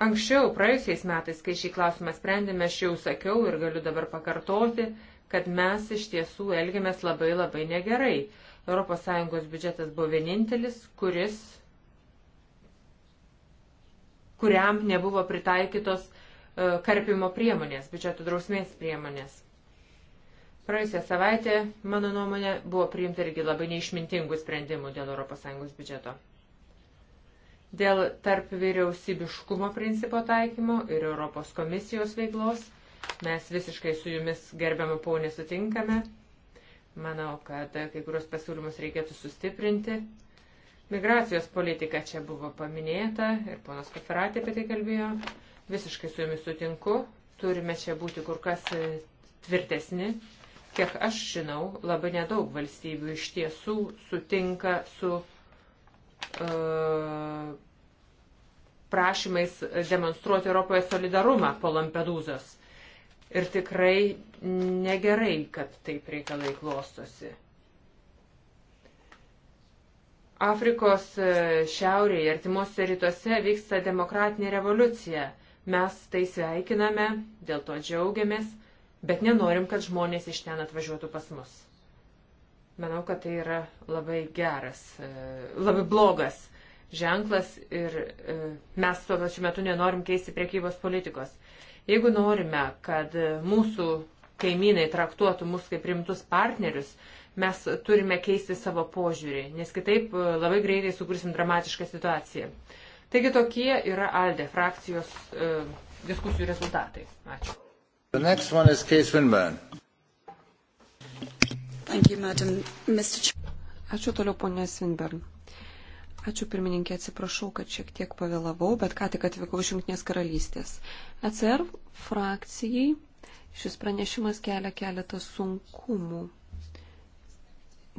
Anksčiau, praėjusiais metais, kai šį klausimą sprendėme, aš jau sakiau ir galiu dabar pakartoti, kad mes iš tiesų elgiamės labai labai negerai. ES biudžetas buvo vienintelis, kuris, kuriam nebuvo pritaikytos E, karpimo priemonės, biudžeto drausmės priemonės. Praėjusią savaitę, mano nuomonė, buvo priimta irgi labai neišmintingų sprendimų dėl ES biudžeto. Dėl tarp vyriausybiškumo principo taikymo ir Europos komisijos veiklos mes visiškai su jumis gerbiamą paunį sutinkame. Manau, kad kai kurios pasiūlymus reikėtų sustiprinti. Migracijos politika čia buvo paminėta ir ponas Koferatė apie tai kalbėjo. Visiškai su jumis sutinku, turime čia būti kur kas e, tvirtesni. Kiek aš žinau, labai nedaug valstybių iš tiesų sutinka su uh, prašymais demonstruoti Europoje solidarumą po Lampedūzos. Ir tikrai negerai, kad taip reikalai klostosi. Afrikos e, šiaurėje, artimuose rytuose vyksta demokratinė revoliucija. Mes tai sveikiname, dėl to džiaugiamės, bet nenorim, kad žmonės iš ten atvažiuotų pas mus. Manau, kad tai yra labai geras, e, labai blogas ženklas ir e, mes tuo pačiu metu nenorim keisti priekybos politikos. Jeigu norime, kad mūsų kaimynai traktuotų mus kaip rimtus partnerius, mes turime keisti savo požiūrį, nes kitaip e, labai greitai sukursim dramatišką situaciją. Taigi tokie yra ALDE frakcijos e, diskusijų rezultatai. Ačiū. You, madam, Ačiū toliau, ponė Svinbern. Ačiū pirmininkė, atsiprašau, kad šiek tiek pavėlavau, bet ką tik atvykau iš Junktinės karalystės. ECR frakcijai šis pranešimas kelia keletą sunkumų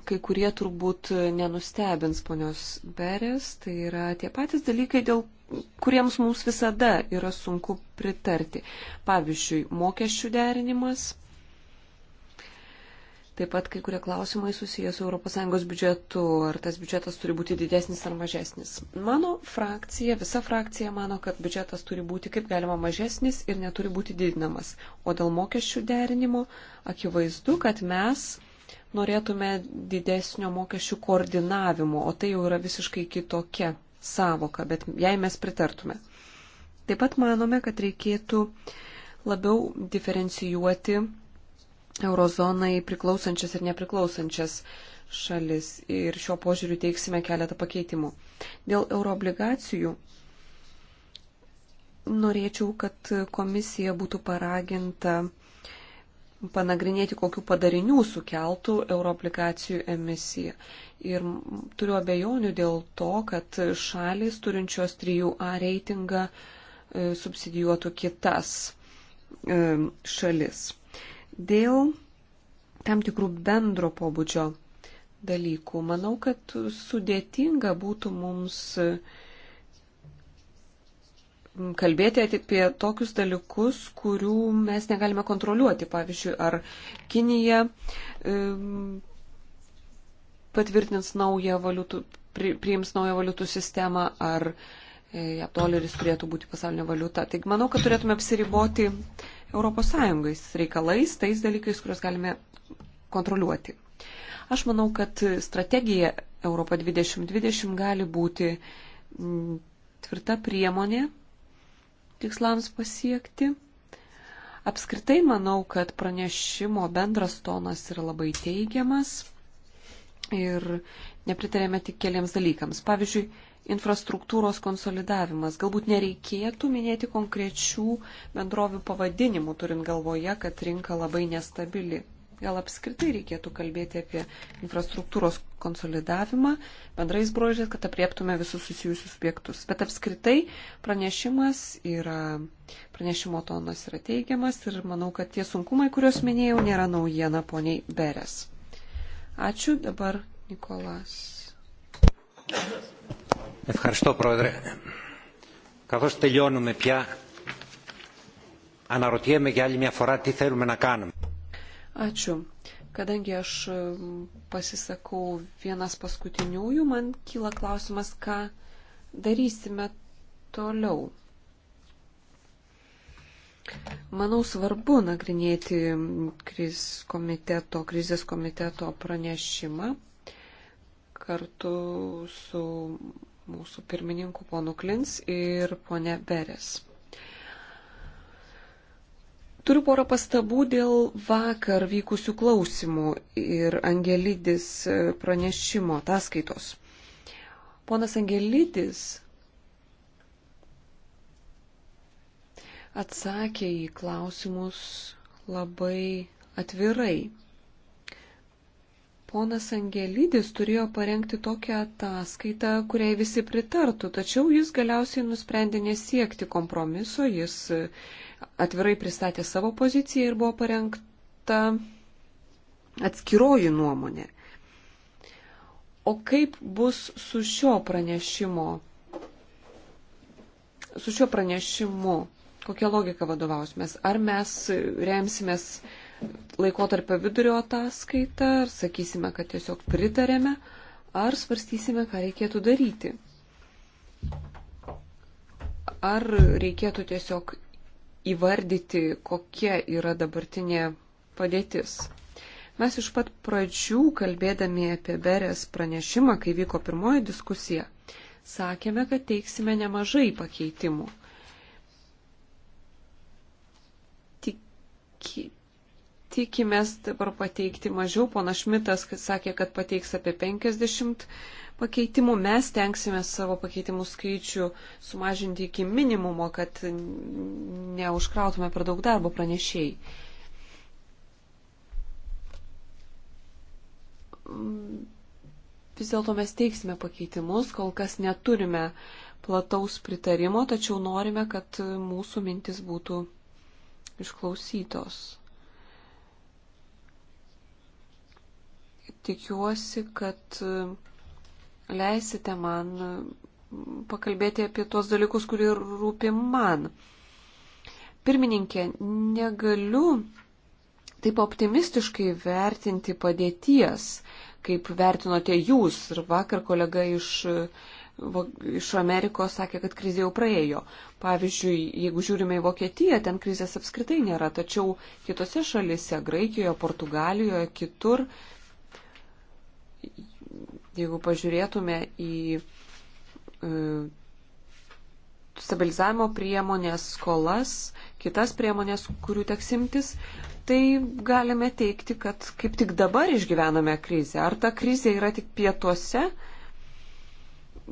kai kurie turbūt nenustebins ponios Berės, tai yra tie patys dalykai, dėl kuriems mums visada yra sunku pritarti. Pavyzdžiui, mokesčių derinimas. Taip pat kai kurie klausimai susijęs su ES biudžetu, ar tas biudžetas turi būti didesnis ar mažesnis. Mano frakcija, visa frakcija mano, kad biudžetas turi būti kaip galima mažesnis ir neturi būti didinamas. O dėl mokesčių derinimo akivaizdu, kad mes norėtume didesnio mokesčių koordinavimo, o tai jau yra visiškai kitokia savoka, bet jei mes pritartume. Taip pat manome, kad reikėtų labiau diferencijuoti eurozonai priklausančias ir nepriklausančias šalis ir šiuo požiūriu teiksime keletą pakeitimų. Dėl euroobligacijų norėčiau, kad komisija būtų paraginta uh, panagrinėti, kokiu padarinių sukeltų euroobligacijų emisija. Ir turiu abejonių dėl to, kad šalis turinčios 3A reitingą e, subsidijuotų kitas e, šalis. Dėl tam tikrų bendro pobūdžio dalykų, manau, kad sudėtinga būtų mums uh, kalbėti apie tokius dalykus, kurių mes negalime kontroliuoti. Pavyzdžiui, ar Kinija patvirtins naują valiutų, priims naują valiutų sistemą, ar e, jav doleris turėtų būti pasaulinė valiuta. Taigi manau, kad turėtume apsiriboti ES reikalais, tais dalykais, kuriuos galime kontroliuoti. Aš manau, kad strategija Europa 2020 gali būti tvirta priemonė tikslams pasiekti. Apskritai manau, kad pranešimo bendras tonas yra labai teigiamas ir nepritarėme tik keliams dalykams. Pavyzdžiui, infrastruktūros konsolidavimas. Galbūt nereikėtų minėti konkrečių bendrovių pavadinimų, turint galvoje, kad rinka labai nestabili. Gal apskritai reikėtų kalbėti apie infrastruktūros konsolidavimą bendrais brožės, kad apriektume visus susijusius subjektus. Bet apskritai pranešimas yra, pranešimo tonas yra teigiamas ir manau, kad tie sunkumai, kuriuos minėjau, nėra naujiena poniai Beres. Ačiū dabar Nikolas. Ευχαριστώ, Πρόεδρε. Καθώς τελειώνουμε πια, αναρωτιέμαι για άλλη μια φορά τι θέλουμε να κάνουμε. Ačiū. Kadangi aš pasisakau vienas paskutiniųjų, man kyla klausimas, ką darysime toliau. Manau svarbu nagrinėti kriz komiteto, krizės komiteto pranešimą kartu su mūsų pirmininku ponu Klins ir pone Beres. Turiu porą pastabų dėl vakar vykusių klausimų ir Angelidis e, pranešimo ataskaitos. Ponas Angelidis atsakė į klausimus labai atvirai. Ponas Angelydis turėjo parengti tokią ataskaitą, kuriai visi pritartų, tačiau jis galiausiai nusprendė nesiekti kompromiso, jis atvirai pristatė savo poziciją ir buvo parengta atskiroji nuomonė. O kaip bus su šio pranešimo? Su šio pranešimu, kokią logiką vadovausimės? Ar mes remsimės laikotarpio vidurio ataskaitą, ar sakysime, kad tiesiog pritarėme, ar svarstysime, ką reikėtų daryti? Ar reikėtų tiesiog įvardyti, kokia yra dabartinė padėtis. Mes iš pat pradžių, kalbėdami apie Berės pranešimą, kai vyko pirmoji diskusija, sakėme, kad teiksime nemažai pakeitimų. Tiki, tikimės dabar pateikti mažiau. Pona Šmitas sakė, kad pateiks apie 50 pakeitimų. Mes tenksime savo pakeitimų skaičių sumažinti iki minimumo, kad neužkrautume per daug darbo pranešėjai. Vis dėlto mes teiksime pakeitimus, kol kas neturime plataus pritarimo, tačiau norime, kad mūsų mintis būtų išklausytos. Tikiuosi, kad leisite man mm, pakalbėti apie tuos dalykus, kurie rūpi man. Pirmininkė, negaliu taip optimistiškai vertinti padėties, kaip vertinote jūs. Ir vakar kolega iš, iš Amerikos sakė, kad krizė jau praėjo. Pavyzdžiui, jeigu žiūrime į Vokietiją, ten krizės apskritai nėra, tačiau kitose šalise, Graikijoje, Portugalijoje, kitur jeigu pažiūrėtume į e, stabilizavimo priemonės, skolas, kitas priemonės, kurių teks imtis, tai galime teikti, kad kaip tik dabar išgyvename krizę. Ar ta krizė yra tik pietuose?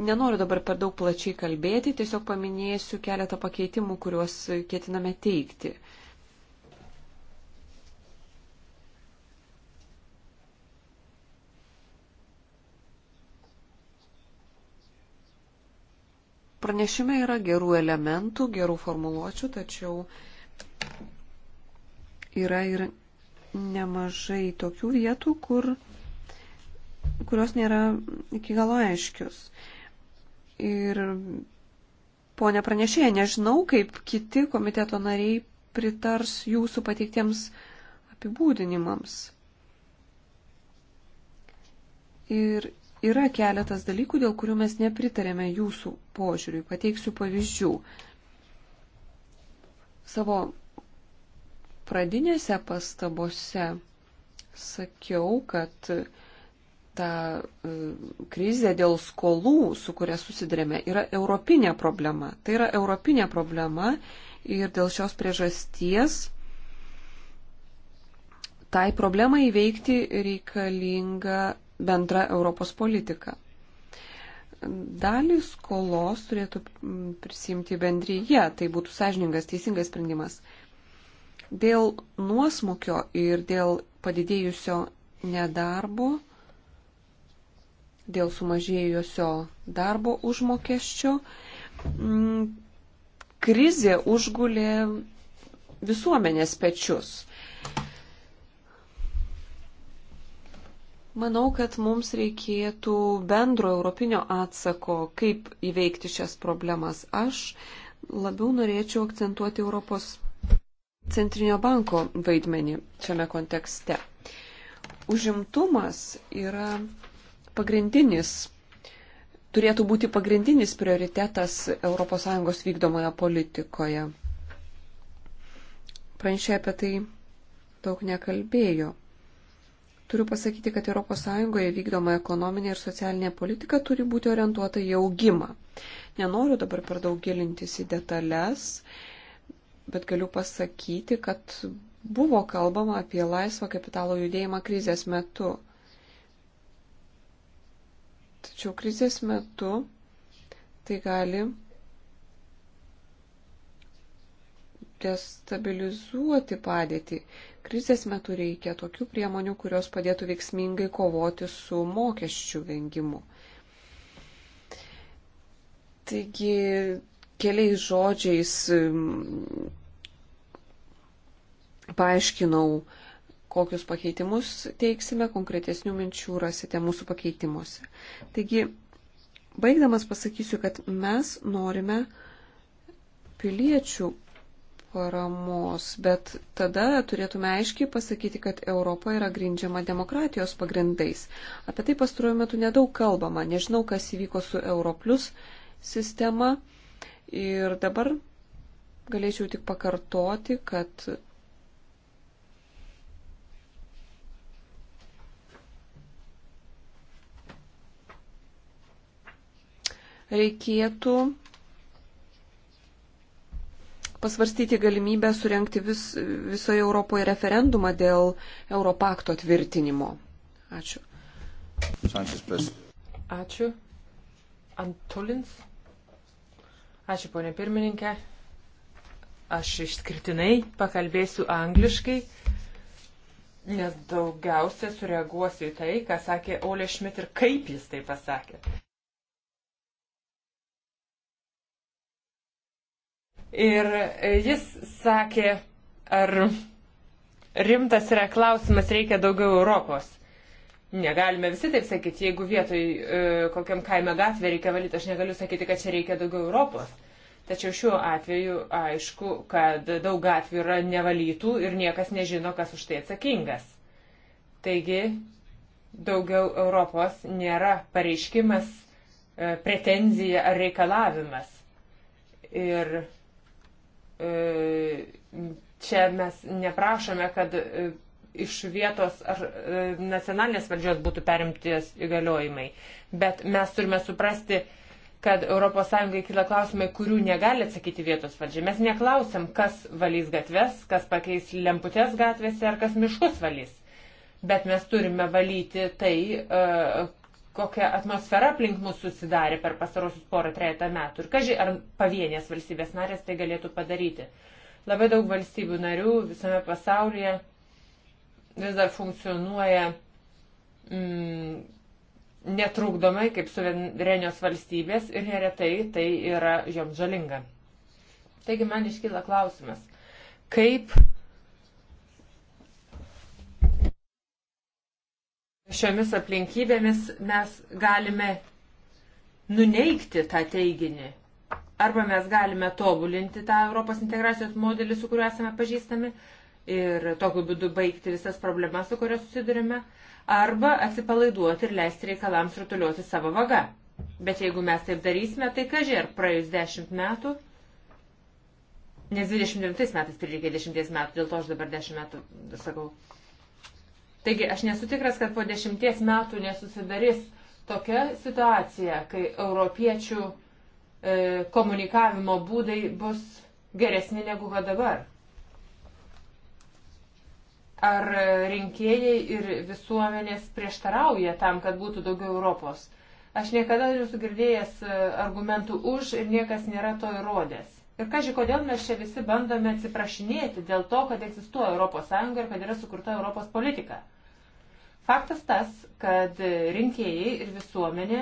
Nenoriu dabar per daug plačiai kalbėti, tiesiog paminėsiu keletą pakeitimų, kuriuos ketiname teikti. Uh, Pranešime yra gerų elementų, gerų formuluočių, tačiau yra ir nemažai tokių vietų, kur, kurios nėra iki galo aiškios. Ir ponė pranešėja, nežinau, kaip kiti komiteto nariai pritars jūsų pateiktiems apibūdinimams. Ir yra keletas dalykų, dėl kurių mes nepritarėme jūsų požiūriui. Pateiksiu pavyzdžių. Savo pradinėse pastabose sakiau, kad ta e, krizė dėl skolų, su kuria susidurėme, yra europinė problema. Tai yra europinė problema ir dėl šios priežasties tai problemai įveikti reikalinga bendra Europos politika. Dalį skolos turėtų prisimti bendryje, tai būtų sąžiningas, teisingas sprendimas. Dėl nuosmukio ir dėl padidėjusio nedarbo, dėl sumažėjusio darbo užmokesčio, krizė užgulė visuomenės pečius. Manau, kad mums reikėtų bendro europinio atsako, kaip įveikti šias problemas. Aš labiau norėčiau akcentuoti Europos centrinio banko vaidmenį šiame kontekste. Užimtumas yra pagrindinis, turėtų būti pagrindinis prioritetas ES vykdomoje politikoje. Pranešė apie tai daug nekalbėjo. Turiu pasakyti, kad ES vykdoma ekonominė ir socialinė politika turi būti orientuota į augimą. Nenoriu dabar per daug gilintis į detalės, bet galiu pasakyti, kad buvo kalbama apie laisvą kapitalo judėjimą krizės metu. Tačiau krizės metu tai gali destabilizuoti padėtį. Krizės metu reikia tokių priemonių, kurios padėtų veiksmingai kovoti su mokesčių vengimu. Taigi, keliais žodžiais mm, paaiškinau, kokius pakeitimus teiksime, konkretesnių minčių rasite mūsų pakeitimuose. Taigi, baigdamas pasakysiu, kad mes norime piliečių paramos, bet tada turėtume aiškiai pasakyti, kad Europa yra grindžiama demokratijos pagrindais. Apie tai pastaruoju metu nedaug kalbama, nežinau, kas įvyko su Europlus sistema ir dabar galėčiau tik pakartoti, kad reikėtų pasvarstyti galimybę surenkti vis, visoje Europoje referendumą dėl Europakto tvirtinimo. Ačiū. Ačiū. Antolins. Ačiū, ponė pirmininkė. Aš išskirtinai pakalbėsiu angliškai, nes daugiausia sureaguosiu į tai, ką sakė Olė Šmit ir kaip jis tai pasakė. Ir e, jis sakė, ar rimtas yra klausimas, reikia daugiau Europos. Negalime visi taip sakyti, jeigu vietoj e, kokiam kaime gatvė reikia valyti, aš negaliu sakyti, kad čia reikia daugiau Europos. Tačiau šiuo atveju aišku, kad daug gatvių yra nevalytų ir niekas nežino, kas už tai atsakingas. Taigi daugiau Europos nėra pareiškimas, e, pretenzija ar reikalavimas. Ir Čia mes neprašome, kad e, iš vietos ar e, nacionalinės valdžios būtų perimties įgaliojimai, bet mes turime suprasti, kad ES kyla klausimai, kurių negali atsakyti vietos valdžia. Mes neklausim, kas valys gatves, kas pakeis lemputės gatvėse ar kas miškus valys. Bet mes turime valyti tai, e, kokia atmosfera aplink mus susidarė per pastarosius porą trejata metų ir kažkai ar pavienės valstybės narės tai galėtų padaryti. Labai daug valstybių narių visame pasaulyje vis dar funkcionuoja mm, netrukdomai kaip suverenios valstybės ir neretai tai yra joms žalinga. Taigi man iškyla klausimas, kaip Šiomis aplinkybėmis mes galime nuneikti tą teiginį. Arba mes galime tobulinti tą Europos integracijos modelį, su kuriuo esame pažįstami, ir tokiu būdu baigti visas problemas, su kuria susidurime, arba atsipalaiduoti ir leisti reikalams rutuliuoti savo vagą. Bet jeigu mes taip darysime, tai kažkai ar praėjus dešimt metų, nes 29 metais prireikė tai 10 metų, dėl to aš dabar 10 metų sakau, Taigi aš nesu tikras, kad po dešimties metų nesusidarys tokia situacija, kai europiečių e, komunikavimo būdai bus geresni negu kad dabar. Ar rinkėjai ir visuomenės prieštarauja tam, kad būtų daugiau Europos? Aš niekada nesu girdėjęs e, argumentų už ir niekas nėra to įrodęs. Ir kažkai, kodėl mes čia visi bandome atsiprašinėti dėl to, kad egzistuoja ES ir kad yra sukurta Europos politika. Faktas tas, kad rinkėjai ir visuomenė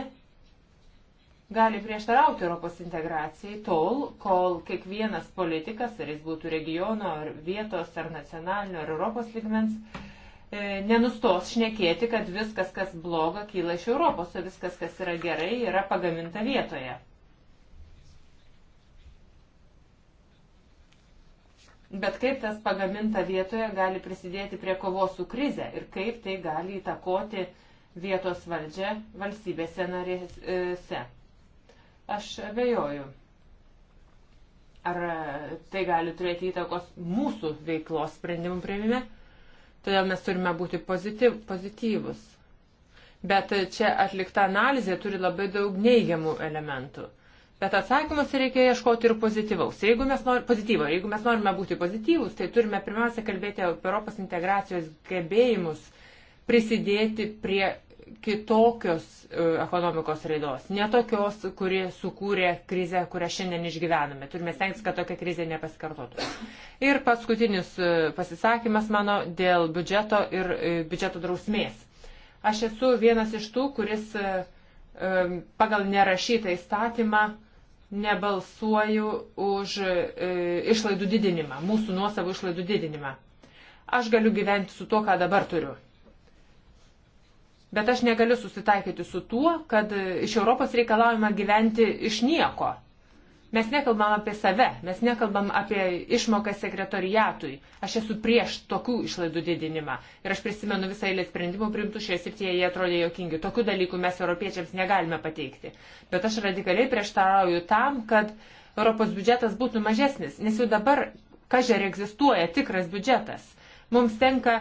gali prieštarauti Europos integracijai tol, kol kiekvienas politikas, ar jis būtų regiono, ar vietos, ar nacionalinio, ar Europos ligmens, e, nenustos šnekėti, kad viskas, kas bloga, kyla iš Europos, o viskas, kas yra gerai, yra pagaminta vietoje. Bet kaip tas pagaminta vietoje gali prisidėti prie kovos su krize ir kaip tai gali įtakoti vietos valdžią valstybėse narėse. Aš abejoju, ar tai gali turėti įtakos mūsų veiklos sprendimų prieimime, todėl mes turime būti pozityv, pozityvus. Bet čia atlikta analizė turi labai daug neigiamų elementų. Bet atsakymus reikia ieškoti ir pozityvaus. Jeigu mes, nor, pozityvo, jeigu mes norime būti pozityvus, tai turime pirmiausia kalbėti apie Europos integracijos gebėjimus prisidėti prie kitokios e, ekonomikos raidos, ne tokios, kuri sukūrė krizę, kurią šiandien išgyvename. Turime stengtis, kad tokia krizė nepasikartotų. Ir paskutinis e, pasisakymas mano dėl biudžeto ir e, biudžeto drausmės. Aš esu vienas iš tų, kuris pagal nerašytą įstatymą nebalsuoju už e, išlaidų didinimą, mūsų nuosavų išlaidų didinimą. Aš galiu gyventi su tuo, ką dabar turiu. Bet aš negaliu susitaikyti su tuo, kad e, iš Europos reikalaujama gyventi iš nieko. Mes nekalbam apie save, mes nekalbam apie išmoką sekretoriatui. Aš esu prieš tokių išlaidų didinimą. Ir aš prisimenu visą eilę sprendimų priimtų šioje srityje, jie atrodė jokingi. Tokių dalykų mes europiečiams negalime pateikti. Bet aš radikaliai prieštarauju tam, kad Europos biudžetas būtų mažesnis, nes jau dabar kažer egzistuoja tikras biudžetas. Mums tenka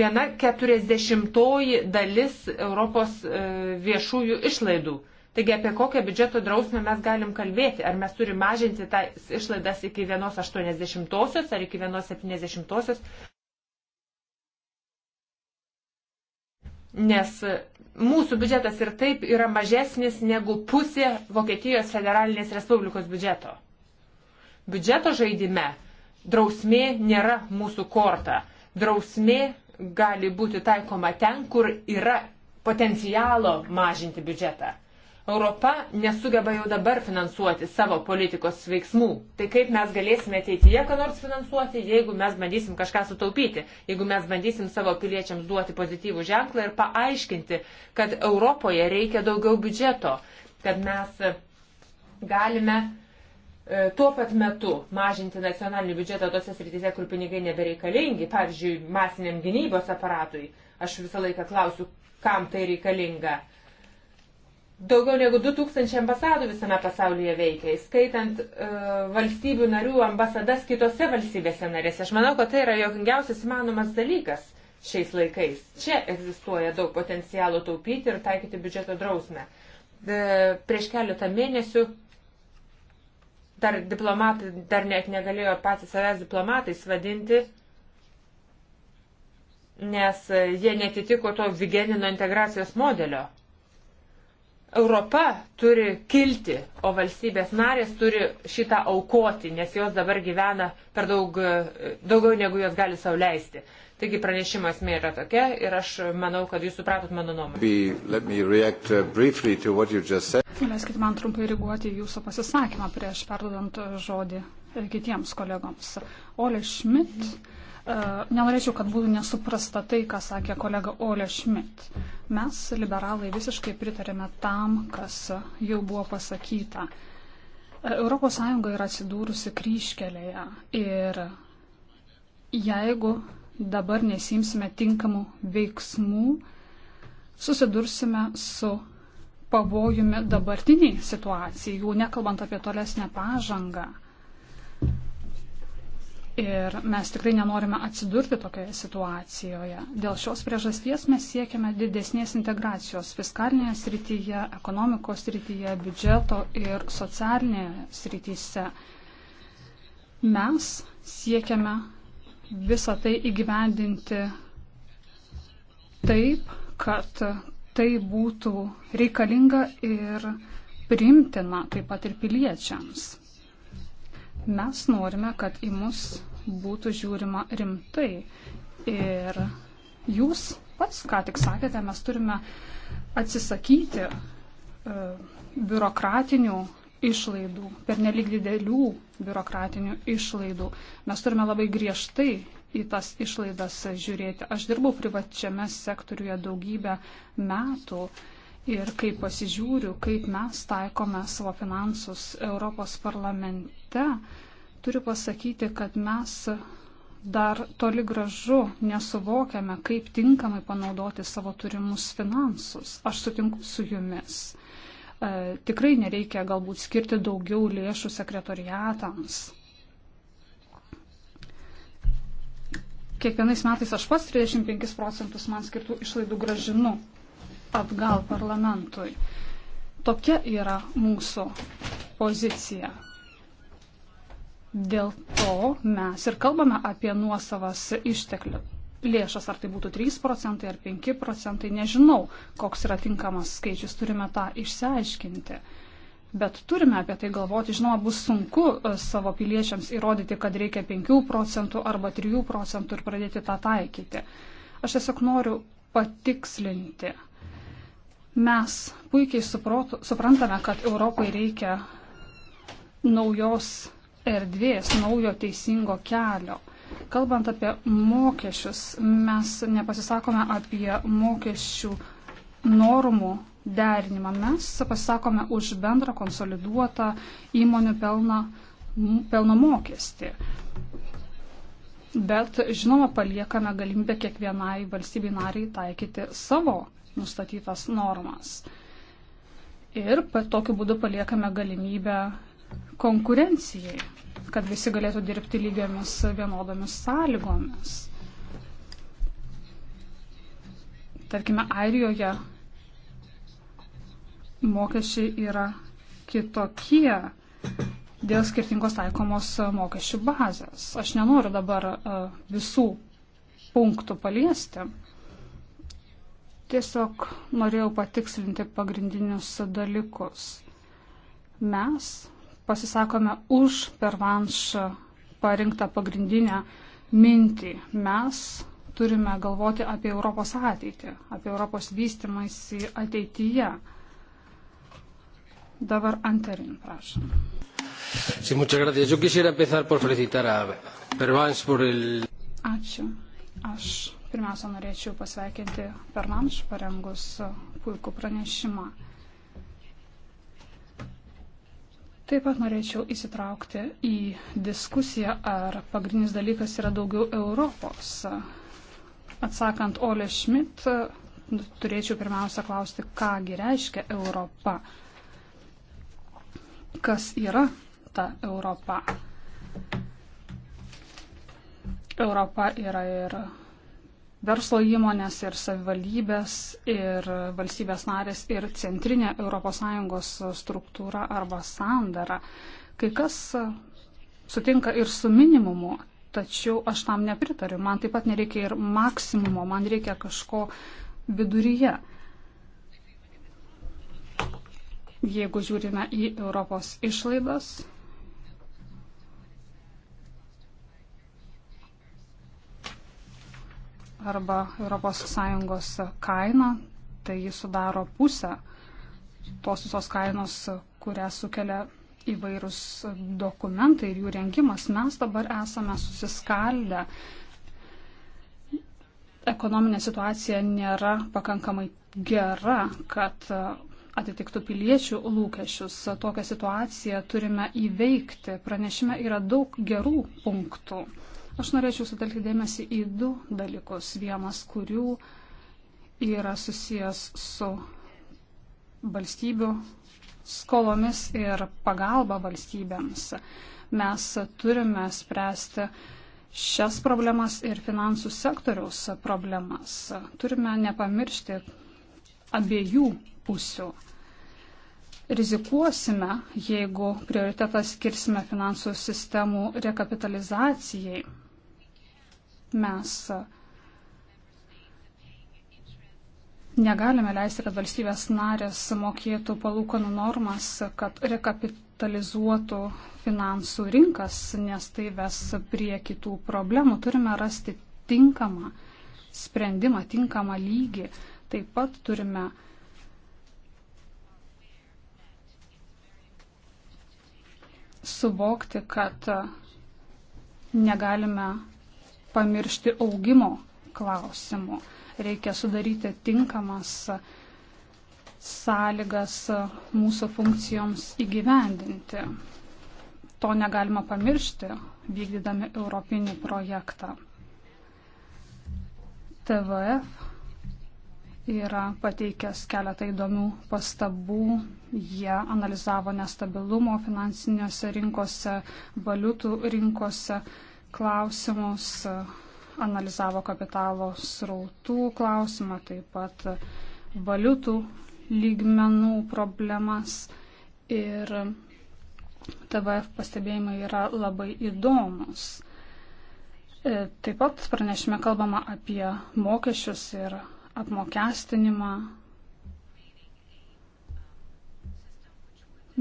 viena keturiasdešimtoji dalis Europos e, viešųjų išlaidų Taigi apie kokią biudžeto drausmę mes galim kalbėti? Ar mes turime mažinti tas išlaidas iki 1,80 ar iki 1,70? Nes mūsų biudžetas ir taip yra mažesnis negu pusė Vokietijos federalinės respublikos biudžeto. Biudžeto žaidime drausmė nėra mūsų korta. Drausmė gali būti taikoma ten, kur yra potencialo mažinti biudžetą. Europa nesugeba jau dabar finansuoti savo politikos veiksmų. Tai kaip mes galėsime ateityje ką nors finansuoti, jeigu mes bandysim kažką sutaupyti, jeigu mes bandysim savo piliečiams duoti pozityvų ženklą ir paaiškinti, kad Europoje reikia daugiau biudžeto, kad mes e, galime e, tuo pat metu mažinti nacionalinį biudžetą tose srityse, kur pinigai nebereikalingi, pavyzdžiui, masiniam gynybos aparatui. Aš visą laiką klausiu, kam tai reikalinga. Daugiau negu 2000 ambasadų visame pasaulyje veikia, įskaitant uh, valstybių narių ambasadas kitose valstybėse narėse. Aš manau, kad tai yra jokingiausias įmanomas dalykas šiais laikais. Čia egzistuoja daug potencialo taupyti ir taikyti biudžeto drausmę. Uh, prieš keletą mėnesių dar diplomatai, dar net negalėjo patys savęs diplomatais vadinti, nes jie netitiko to Vigenino integracijos modelio Europa turi kilti, o valstybės narės turi šitą aukoti, nes jos dabar gyvena per daug, daugiau negu jos gali sauliaisti. Taigi pranešimo esmė yra tokia ir aš manau, kad jūs supratot mano nuomonę. Uh, Leiskit man trumpai reaguoti jūsų pasisakymą prieš perdodant žodį kitiems kolegoms. Ole Schmidt. Mm -hmm E, nenorėčiau, kad būtų nesuprasta tai, ką sakė kolega Olė Šmit. Mes, liberalai, visiškai pritarėme tam, kas jau buvo pasakyta. ES yra atsidūrusi kryškelėje ir jeigu dabar nesimsime tinkamų veiksmų, susidursime su pavojumi dabartiniai situacijai, jau nekalbant apie tolesnę pažangą. Ir mes tikrai nenorime atsidurti tokioje situacijoje. Dėl šios priežasties mes siekiame didesnės integracijos fiskalinėje srityje, ekonomikos srityje, biudžeto ir socialinėje srityse. Mes siekiame visą tai įgyvendinti taip, kad tai būtų reikalinga ir priimtina taip pat ir piliečiams. Mes norime, kad į mus būtų žiūrima rimtai. Ir jūs pats, ką tik sakėte, mes turime atsisakyti e, biurokratinių išlaidų, pernelik didelių biurokratinių išlaidų. Mes turime labai griežtai į tas išlaidas žiūrėti. Aš dirbau privačiame sektoriuje daugybę metų Ir kai pasižiūriu, kaip mes taikome savo finansus Europos parlamente, turiu pasakyti, kad mes dar toli gražu nesuvokiame, kaip tinkamai panaudoti savo turimus finansus. Aš sutinku su jumis. E, tikrai nereikia galbūt skirti daugiau lėšų sekretoriatams. kiekvienais metais aš pats 35 procentus man skirtų išlaidų gražinu atgal parlamentui. Tokia yra mūsų pozicija. Dėl to mes ir kalbame apie nuosavas išteklių lėšas, ar tai būtų 3 procentai ar 5 procentai, nežinau, koks yra tinkamas skaičius, turime tą išsiaiškinti. Bet turime apie tai galvoti, žinoma, bus sunku e, savo piliečiams įrodyti, kad reikia 5 procentų arba 3 procentų ir pradėti tą taikyti. Aš tiesiog noriu patikslinti Mes puikiai suprotu, suprantame, kad Europai reikia naujos erdvės, naujo teisingo kelio. Kalbant apie mokesčius, mes nepasisakome apie mokesčių normų derinimą. Mes pasisakome už bendrą konsoliduotą įmonių pelną, pelno mokestį. Bet, žinoma, paliekame galimybę kiekvienai valstybei nariai taikyti savo nustatytas normas. Ir tokiu būdu paliekame galimybę konkurencijai, kad visi galėtų dirbti lygiamis vienodomis sąlygomis. Tarkime, Airijoje mokesčiai yra kitokie dėl skirtingos taikomos mokesčių bazės. Aš nenoriu dabar visų punktų paliesti. Tiesiog norėjau patikslinti pagrindinius dalykus. Mes pasisakome už pervanšą parinktą pagrindinę mintį. Mes turime galvoti apie Europos ateitį, apie Europos vystimaisi ateityje. Dabar Anterin, prašom. Sí, muchas gracias. Yo quisiera empezar por felicitar a Pervans por el. Ačiū. Aš Pirmiausia, norėčiau pasveikinti Pernamš parengus puikų pranešimą. Taip pat norėčiau įsitraukti į diskusiją, ar pagrindinis dalykas yra daugiau Europos. Atsakant Ole Schmidt, turėčiau pirmiausia klausti, kągi reiškia Europa. Kas yra ta Europa? Europa yra ir verslo įmonės ir savivaldybės ir valstybės narės ir centrinė ES struktūra arba sandara. Kai kas sutinka ir su minimumu, tačiau aš tam nepritariu. Man taip pat nereikia ir maksimumo, man reikia kažko viduryje. Jeigu žiūrime į Europos išlaidas, arba ES kaina, tai jis sudaro pusę tos visos kainos, kurią sukelia įvairūs dokumentai ir jų rengimas. Mes dabar esame susiskaldę. Ekonominė situacija nėra pakankamai gera, kad atitiktų piliečių lūkesčius. Tokią situaciją turime įveikti. Pranešime yra daug gerų punktų. Aš norėčiau sutelkti dėmesį į du dalykus. Vienas, kurių yra susijęs su valstybių skolomis ir pagalba valstybėms. Mes turime spręsti šias problemas ir finansų sektoriaus problemas. Turime nepamiršti abiejų pusių. Rizikuosime, jeigu prioritetą skirsime finansų sistemų rekapitalizacijai Mes negalime leisti, kad valstybės narės mokėtų palūkanų normas, kad rekapitalizuotų finansų rinkas, nes tai ves prie kitų problemų. Turime rasti tinkamą sprendimą, tinkamą lygį. Taip pat turime suvokti, kad negalime pamiršti augimo klausimų. Reikia sudaryti tinkamas sąlygas mūsų funkcijoms įgyvendinti. To negalima pamiršti, vykdydami europinį projektą. TVF yra pateikęs keletą įdomių pastabų. Jie analizavo nestabilumo finansinėse rinkose, valiutų rinkose klausimus, analizavo kapitalo srautų klausimą, taip pat valiutų lygmenų problemas ir TVF pastebėjimai yra labai įdomus. E, taip pat pranešime kalbama apie mokesčius ir apmokestinimą.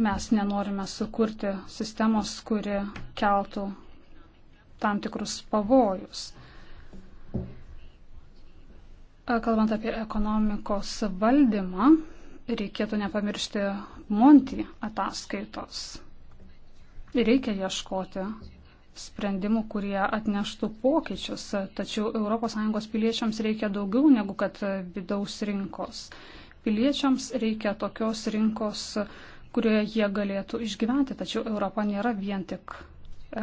Mes nenorime sukurti sistemos, kuri keltų tam tikrus pavojus. Kalbant apie ekonomikos valdymą, reikėtų nepamiršti Monti ataskaitos. Reikia ieškoti sprendimų, kurie atneštų pokyčius, tačiau ES piliečiams reikia daugiau negu kad vidaus rinkos. Piliečiams reikia tokios rinkos, kurioje jie galėtų išgyventi, tačiau Europa nėra vien tik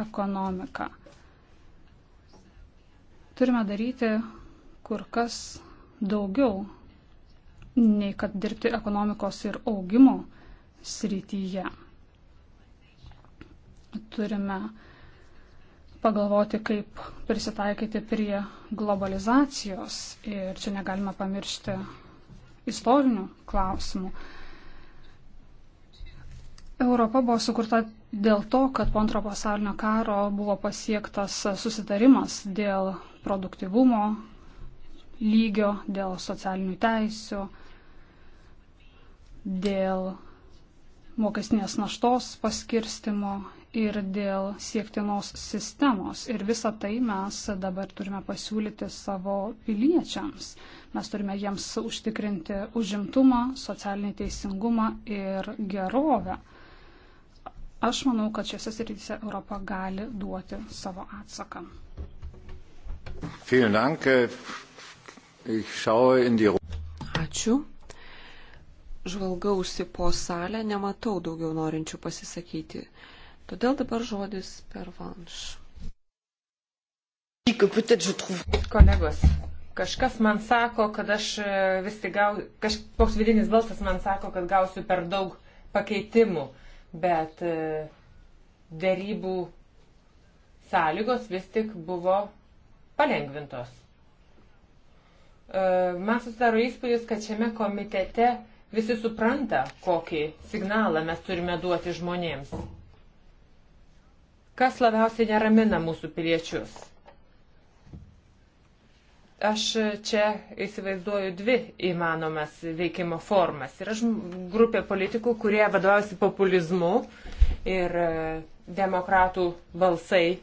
ekonomika. Turime daryti kur kas daugiau nei kad dirbti ekonomikos ir augimo srityje. Turime pagalvoti, kaip prisitaikyti prie globalizacijos ir čia negalime pamiršti istorinių klausimų. Europa buvo sukurta dėl to, kad po antro pasaulinio karo buvo pasiektas susitarimas dėl produktivumo lygio, dėl socialinių teisių, dėl mokesnės naštos paskirstimo ir dėl siektinos sistemos. Ir visą tai mes dabar turime pasiūlyti savo piliečiams. Mes turime jiems užtikrinti užimtumą, socialinį teisingumą ir gerovę. Aš manau, kad šiose srityse Europa gali duoti savo atsaką. Ačiū. Žvalgausi po salę, nematau daugiau norinčių pasisakyti. Todėl dabar žodis per vanš. Kolegos, kažkas man sako, kad aš e, vis tik gausiu, kažkoks vidinis balsas man sako, kad gausiu per daug pakeitimų. Uh, bet e, dėrybų sąlygos vis tik buvo palengvintos. E, man susidaro įspūdis, kad šiame komitete visi supranta, kokį signalą mes turime duoti žmonėms. Kas labiausiai neramina mūsų piliečius? Aš čia įsivaizduoju dvi įmanomas veikimo formas. Yra grupė politikų, kurie vadovaujasi populizmu ir e, demokratų balsai e,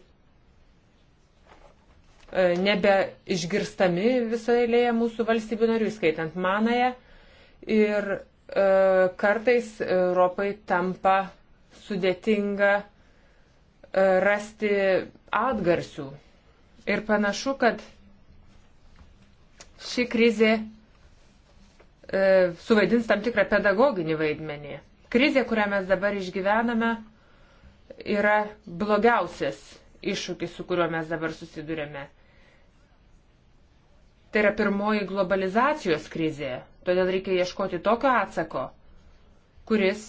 nebe išgirstami visoje lėje mūsų valstybių narių, skaitant manąją. Ir e, kartais Europai tampa sudėtinga e, rasti atgarsių. Ir panašu, kad ši krizė e, suvaidins tam tikrą pedagoginį vaidmenį. Krizė, kurią mes dabar išgyvename, yra blogiausias iššūkis, su kuriuo mes dabar susidurėme. Tai yra pirmoji globalizacijos krizė, todėl reikia ieškoti tokio atsako, kuris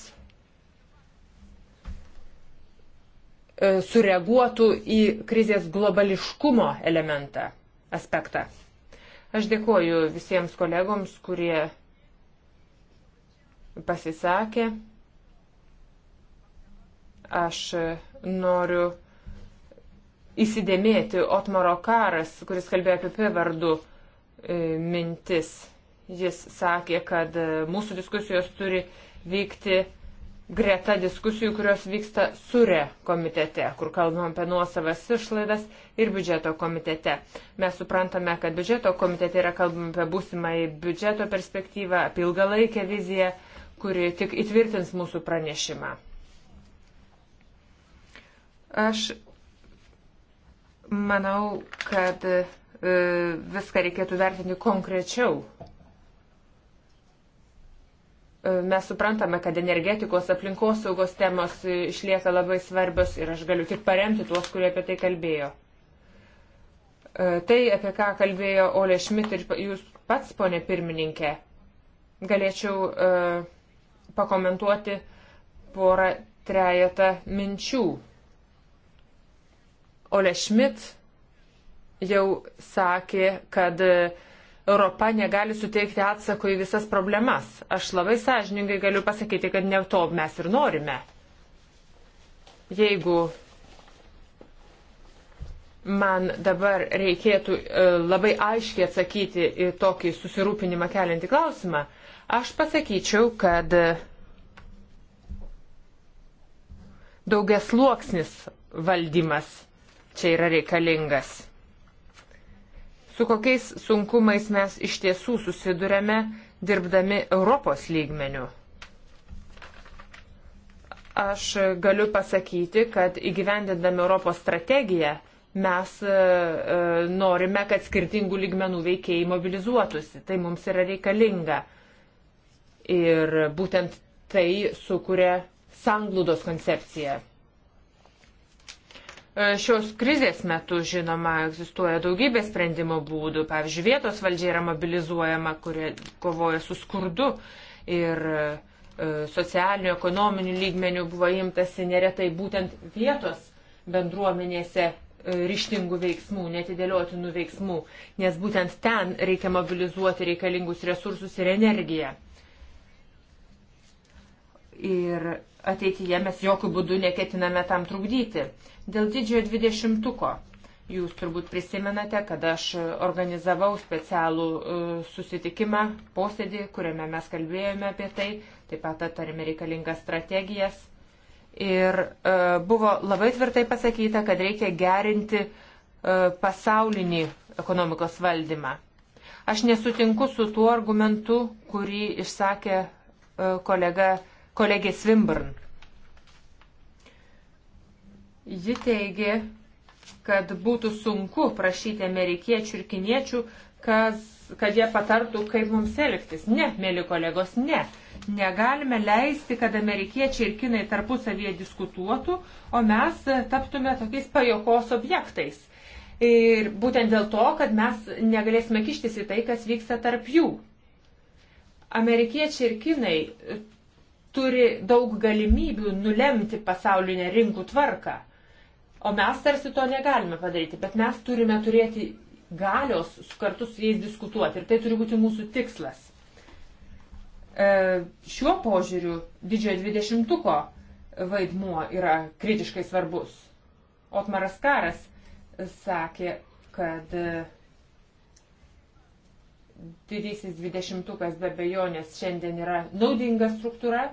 e, sureaguotų į krizės globališkumo elementą, aspektą. Aš dėkoju visiems kolegoms, kurie pasisakė. Aš noriu įsidėmėti Otmaro karas, kuris kalbėjo apie pivardų e, mintis. Jis sakė, kad e, mūsų diskusijos turi vykti greta diskusijų, kurios vyksta SURE komitete, kur kalbam apie nuosavas išlaidas ir biudžeto komitete. Mes suprantame, kad biudžeto komitete yra kalbam apie būsimąjį biudžeto perspektyvą, apie ilgalaikę viziją, kuri tik įtvirtins mūsų pranešimą. Aš manau, kad e, viską reikėtų vertinti konkrečiau mes suprantame, kad energetikos aplinkosaugos temos išlieka labai svarbios ir aš galiu tik paremti tuos, kurie apie tai kalbėjo. E, tai, apie ką kalbėjo Ole Šmit ir jūs pats, ponė pirmininkė, galėčiau e, pakomentuoti porą trejata minčių. Ole Šmit jau sakė, kad uh, Europa negali suteikti atsako į visas problemas. Aš labai sąžiningai galiu pasakyti, kad ne to mes ir norime. Jeigu man dabar reikėtų e, labai aiškiai atsakyti į tokį susirūpinimą keliantį klausimą, aš pasakyčiau, kad daugiasluoksnis valdymas čia yra reikalingas su kokiais sunkumais mes iš tiesų susidurėme dirbdami Europos lygmeniu. Aš galiu pasakyti, kad įgyvendindami Europos strategiją mes e, e, norime, kad skirtingų lygmenų veikėjai mobilizuotųsi. Tai mums yra reikalinga. Ir būtent tai sukuria sanglūdos koncepciją. E, šios krizės metu, žinoma, egzistuoja daugybė sprendimo būdų. Pavyzdžiui, vietos valdžia yra mobilizuojama, kurie kovoja su skurdu ir e, socialinių, ekonominių lygmenių buvo imtasi neretai būtent vietos bendruomenėse e, ryštingų veiksmų, netidėliotinų veiksmų, nes būtent ten reikia mobilizuoti reikalingus resursus ir energiją. Ir ateityje mes jokių būdų neketiname tam trukdyti. Dėl didžiojo dvidešimtuko. Jūs turbūt prisimenate, kad aš organizavau specialų e, susitikimą, posėdį, kuriame mes kalbėjome apie tai, taip pat atarėme reikalingas strategijas. Ir e, buvo labai tvirtai pasakyta, kad reikia gerinti e, pasaulinį ekonomikos valdymą. Aš nesutinku su tuo argumentu, kurį išsakė kolega, kolegė Svimburn Ji teigė, kad būtų sunku prašyti amerikiečių ir kiniečių, kas, kad jie patartų, kaip mums elgtis. Ne, mėly kolegos, ne. Negalime leisti, kad amerikiečiai ir kinai tarpusavyje diskutuotų, o mes taptume tokiais pajokos objektais. Ir būtent dėl to, kad mes negalėsime kištis į tai, kas vyksta tarp jų. Amerikiečiai ir kinai turi daug galimybių nulemti pasaulinę rinkų tvarką O mes tarsi to negalime padaryti, bet mes turime turėti galios kartu su jais diskutuoti ir tai turi būti mūsų tikslas. E, šiuo požiūriu didžiojo dvidešimtuko vaidmuo yra kritiškai svarbus. Otmaras Karas sakė, kad e, didysis dvidešimtukas be bejonės šiandien yra naudinga struktūra,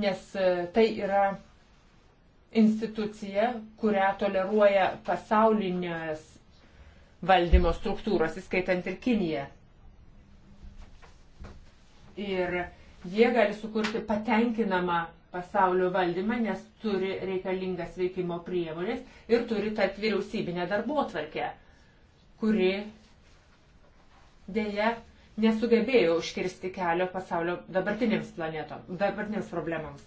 nes e, tai yra institucija, kurią toleruoja pasaulinės valdymo struktūros, įskaitant ir Kiniją. Ir jie gali sukurti patenkinamą pasaulio valdymą, nes turi reikalingas veikimo priemonės ir turi tarp vyriausybinę darbo tvarkę, kuri dėja nesugebėjo užkirsti kelio pasaulio dabartinėms planetom, dabartinėms problemams.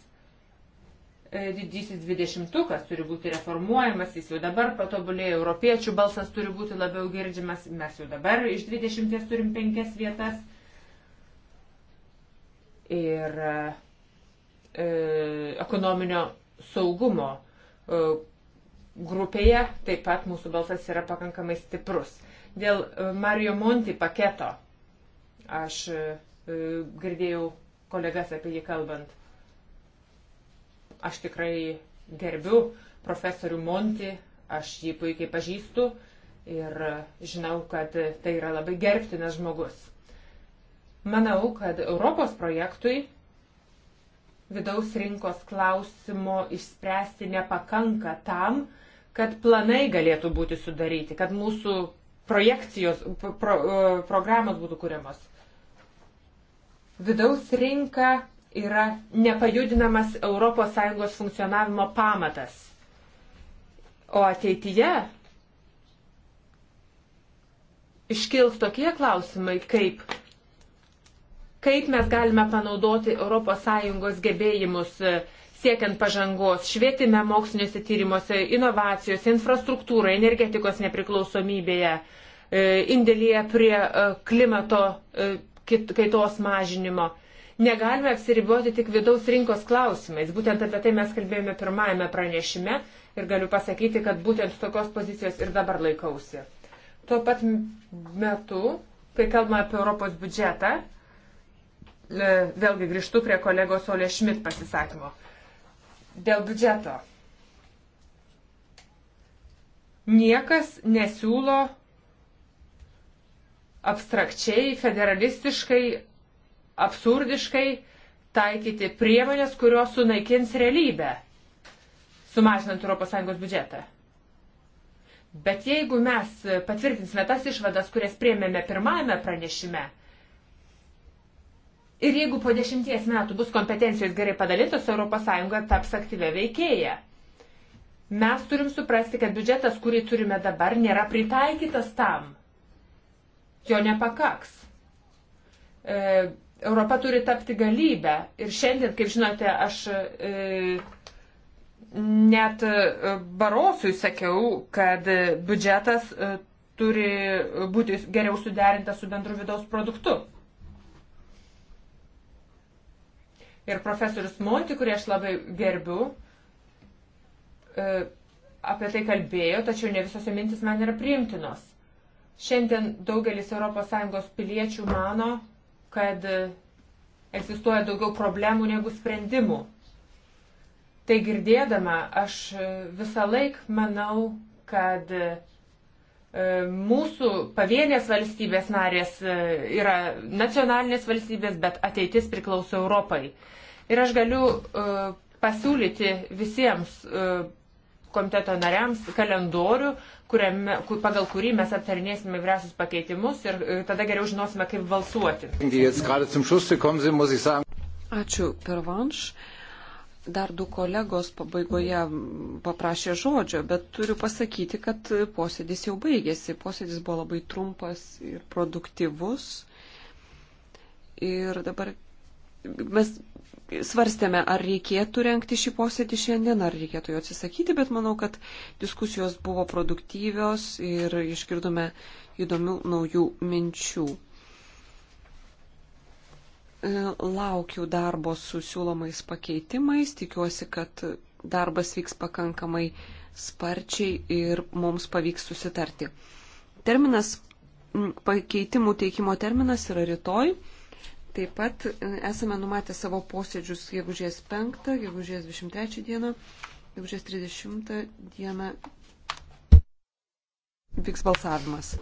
E, didysis dvidešimtukas turi būti reformuojamas, jis jau dabar patobulėjo, europiečių balsas turi būti labiau girdžiamas, mes jau dabar iš dvidešimties turim penkias vietas. Ir e, e, ekonominio saugumo e, grupėje taip pat mūsų balsas yra pakankamai stiprus. Dėl e, Mario Monti paketo Aš e, e, girdėjau kolegas apie jį kalbant. Aš tikrai gerbiu profesorių Monti, aš jį puikiai pažįstu ir e, žinau, kad tai yra labai gerbtinas žmogus. Manau, kad Europos projektui vidaus rinkos klausimo išspręsti nepakanka tam, kad planai galėtų būti sudaryti, kad mūsų projekcijos, pro, programos būtų kuriamos. Vidaus rinka yra nepajudinamas ES funkcionavimo pamatas. O ateityje iškils tokie klausimai, kaip, kaip mes galime panaudoti ES gebėjimus e, siekiant pažangos švietime, moksliniuose tyrimuose, inovacijose, infrastruktūroje, energetikos nepriklausomybėje, e, indėlėje prie e, klimato kaitos mažinimo. Negalime apsiriboti tik vidaus rinkos klausimais. Būtent apie tai mes kalbėjome pirmajame pranešime ir galiu pasakyti, kad būtent tokios pozicijos ir dabar laikausi. Tuo pat metu, kai kalbame apie Europos biudžetą, vėlgi grįžtu prie kolegos Olė Šmit pasisakymo. Dėl biudžeto. Niekas nesiūlo abstrakčiai, federalistiškai, absurdiškai taikyti priemonės, kurios sunaikins realybę, sumažinant ES biudžetą. Bet jeigu mes patvirtinsime tas išvadas, kurias priemėme pirmajame pranešime, ir jeigu po dešimties metų bus kompetencijos gerai padalintos, ES taps aktyvę veikėją. Mes turim suprasti, kad biudžetas, kurį turime dabar, nėra pritaikytas tam. Jo nepakaks. E, Europa turi tapti galybę. Ir šiandien, kaip žinote, aš e, net e, Barosui sakiau, kad biudžetas e, turi būti geriau suderintas su bendru vidaus produktu. Ir profesorius Monti, kurį aš labai gerbiu, e, apie tai kalbėjo, tačiau ne visos jo mintis man yra priimtinos. Šiandien daugelis ES piliečių mano, kad egzistuoja daugiau problemų negu sprendimų. Tai girdėdama, aš visą laiką manau, kad e, mūsų pavienės valstybės narės e, yra nacionalinės valstybės, bet ateitis priklauso Europai. Ir aš galiu e, pasiūlyti visiems komiteto nariams kalendorių, kuriame, pagal kurį mes aptarinėsime įvairiausius pakeitimus ir tada geriau žinosime, kaip balsuoti. Ačiū, Pervanš. Dar du kolegos pabaigoje paprašė žodžio, bet turiu pasakyti, kad posėdis jau baigėsi. Posėdis buvo labai trumpas ir produktyvus. Ir dabar mes svarstėme, ar reikėtų renkti šį posėdį šiandien, ar reikėtų jo atsisakyti, bet manau, kad diskusijos buvo produktyvios ir išgirdome įdomių naujų minčių. E, laukiu darbo su siūlomais pakeitimais, tikiuosi, kad darbas vyks pakankamai sparčiai ir mums pavyks susitarti. Terminas, pakeitimų teikimo terminas yra rytoj. Taip pat e, esame numatę savo posėdžius gegužės 5, gegužės 23 dieną, gegužės 30 dieną vyks balsavimas.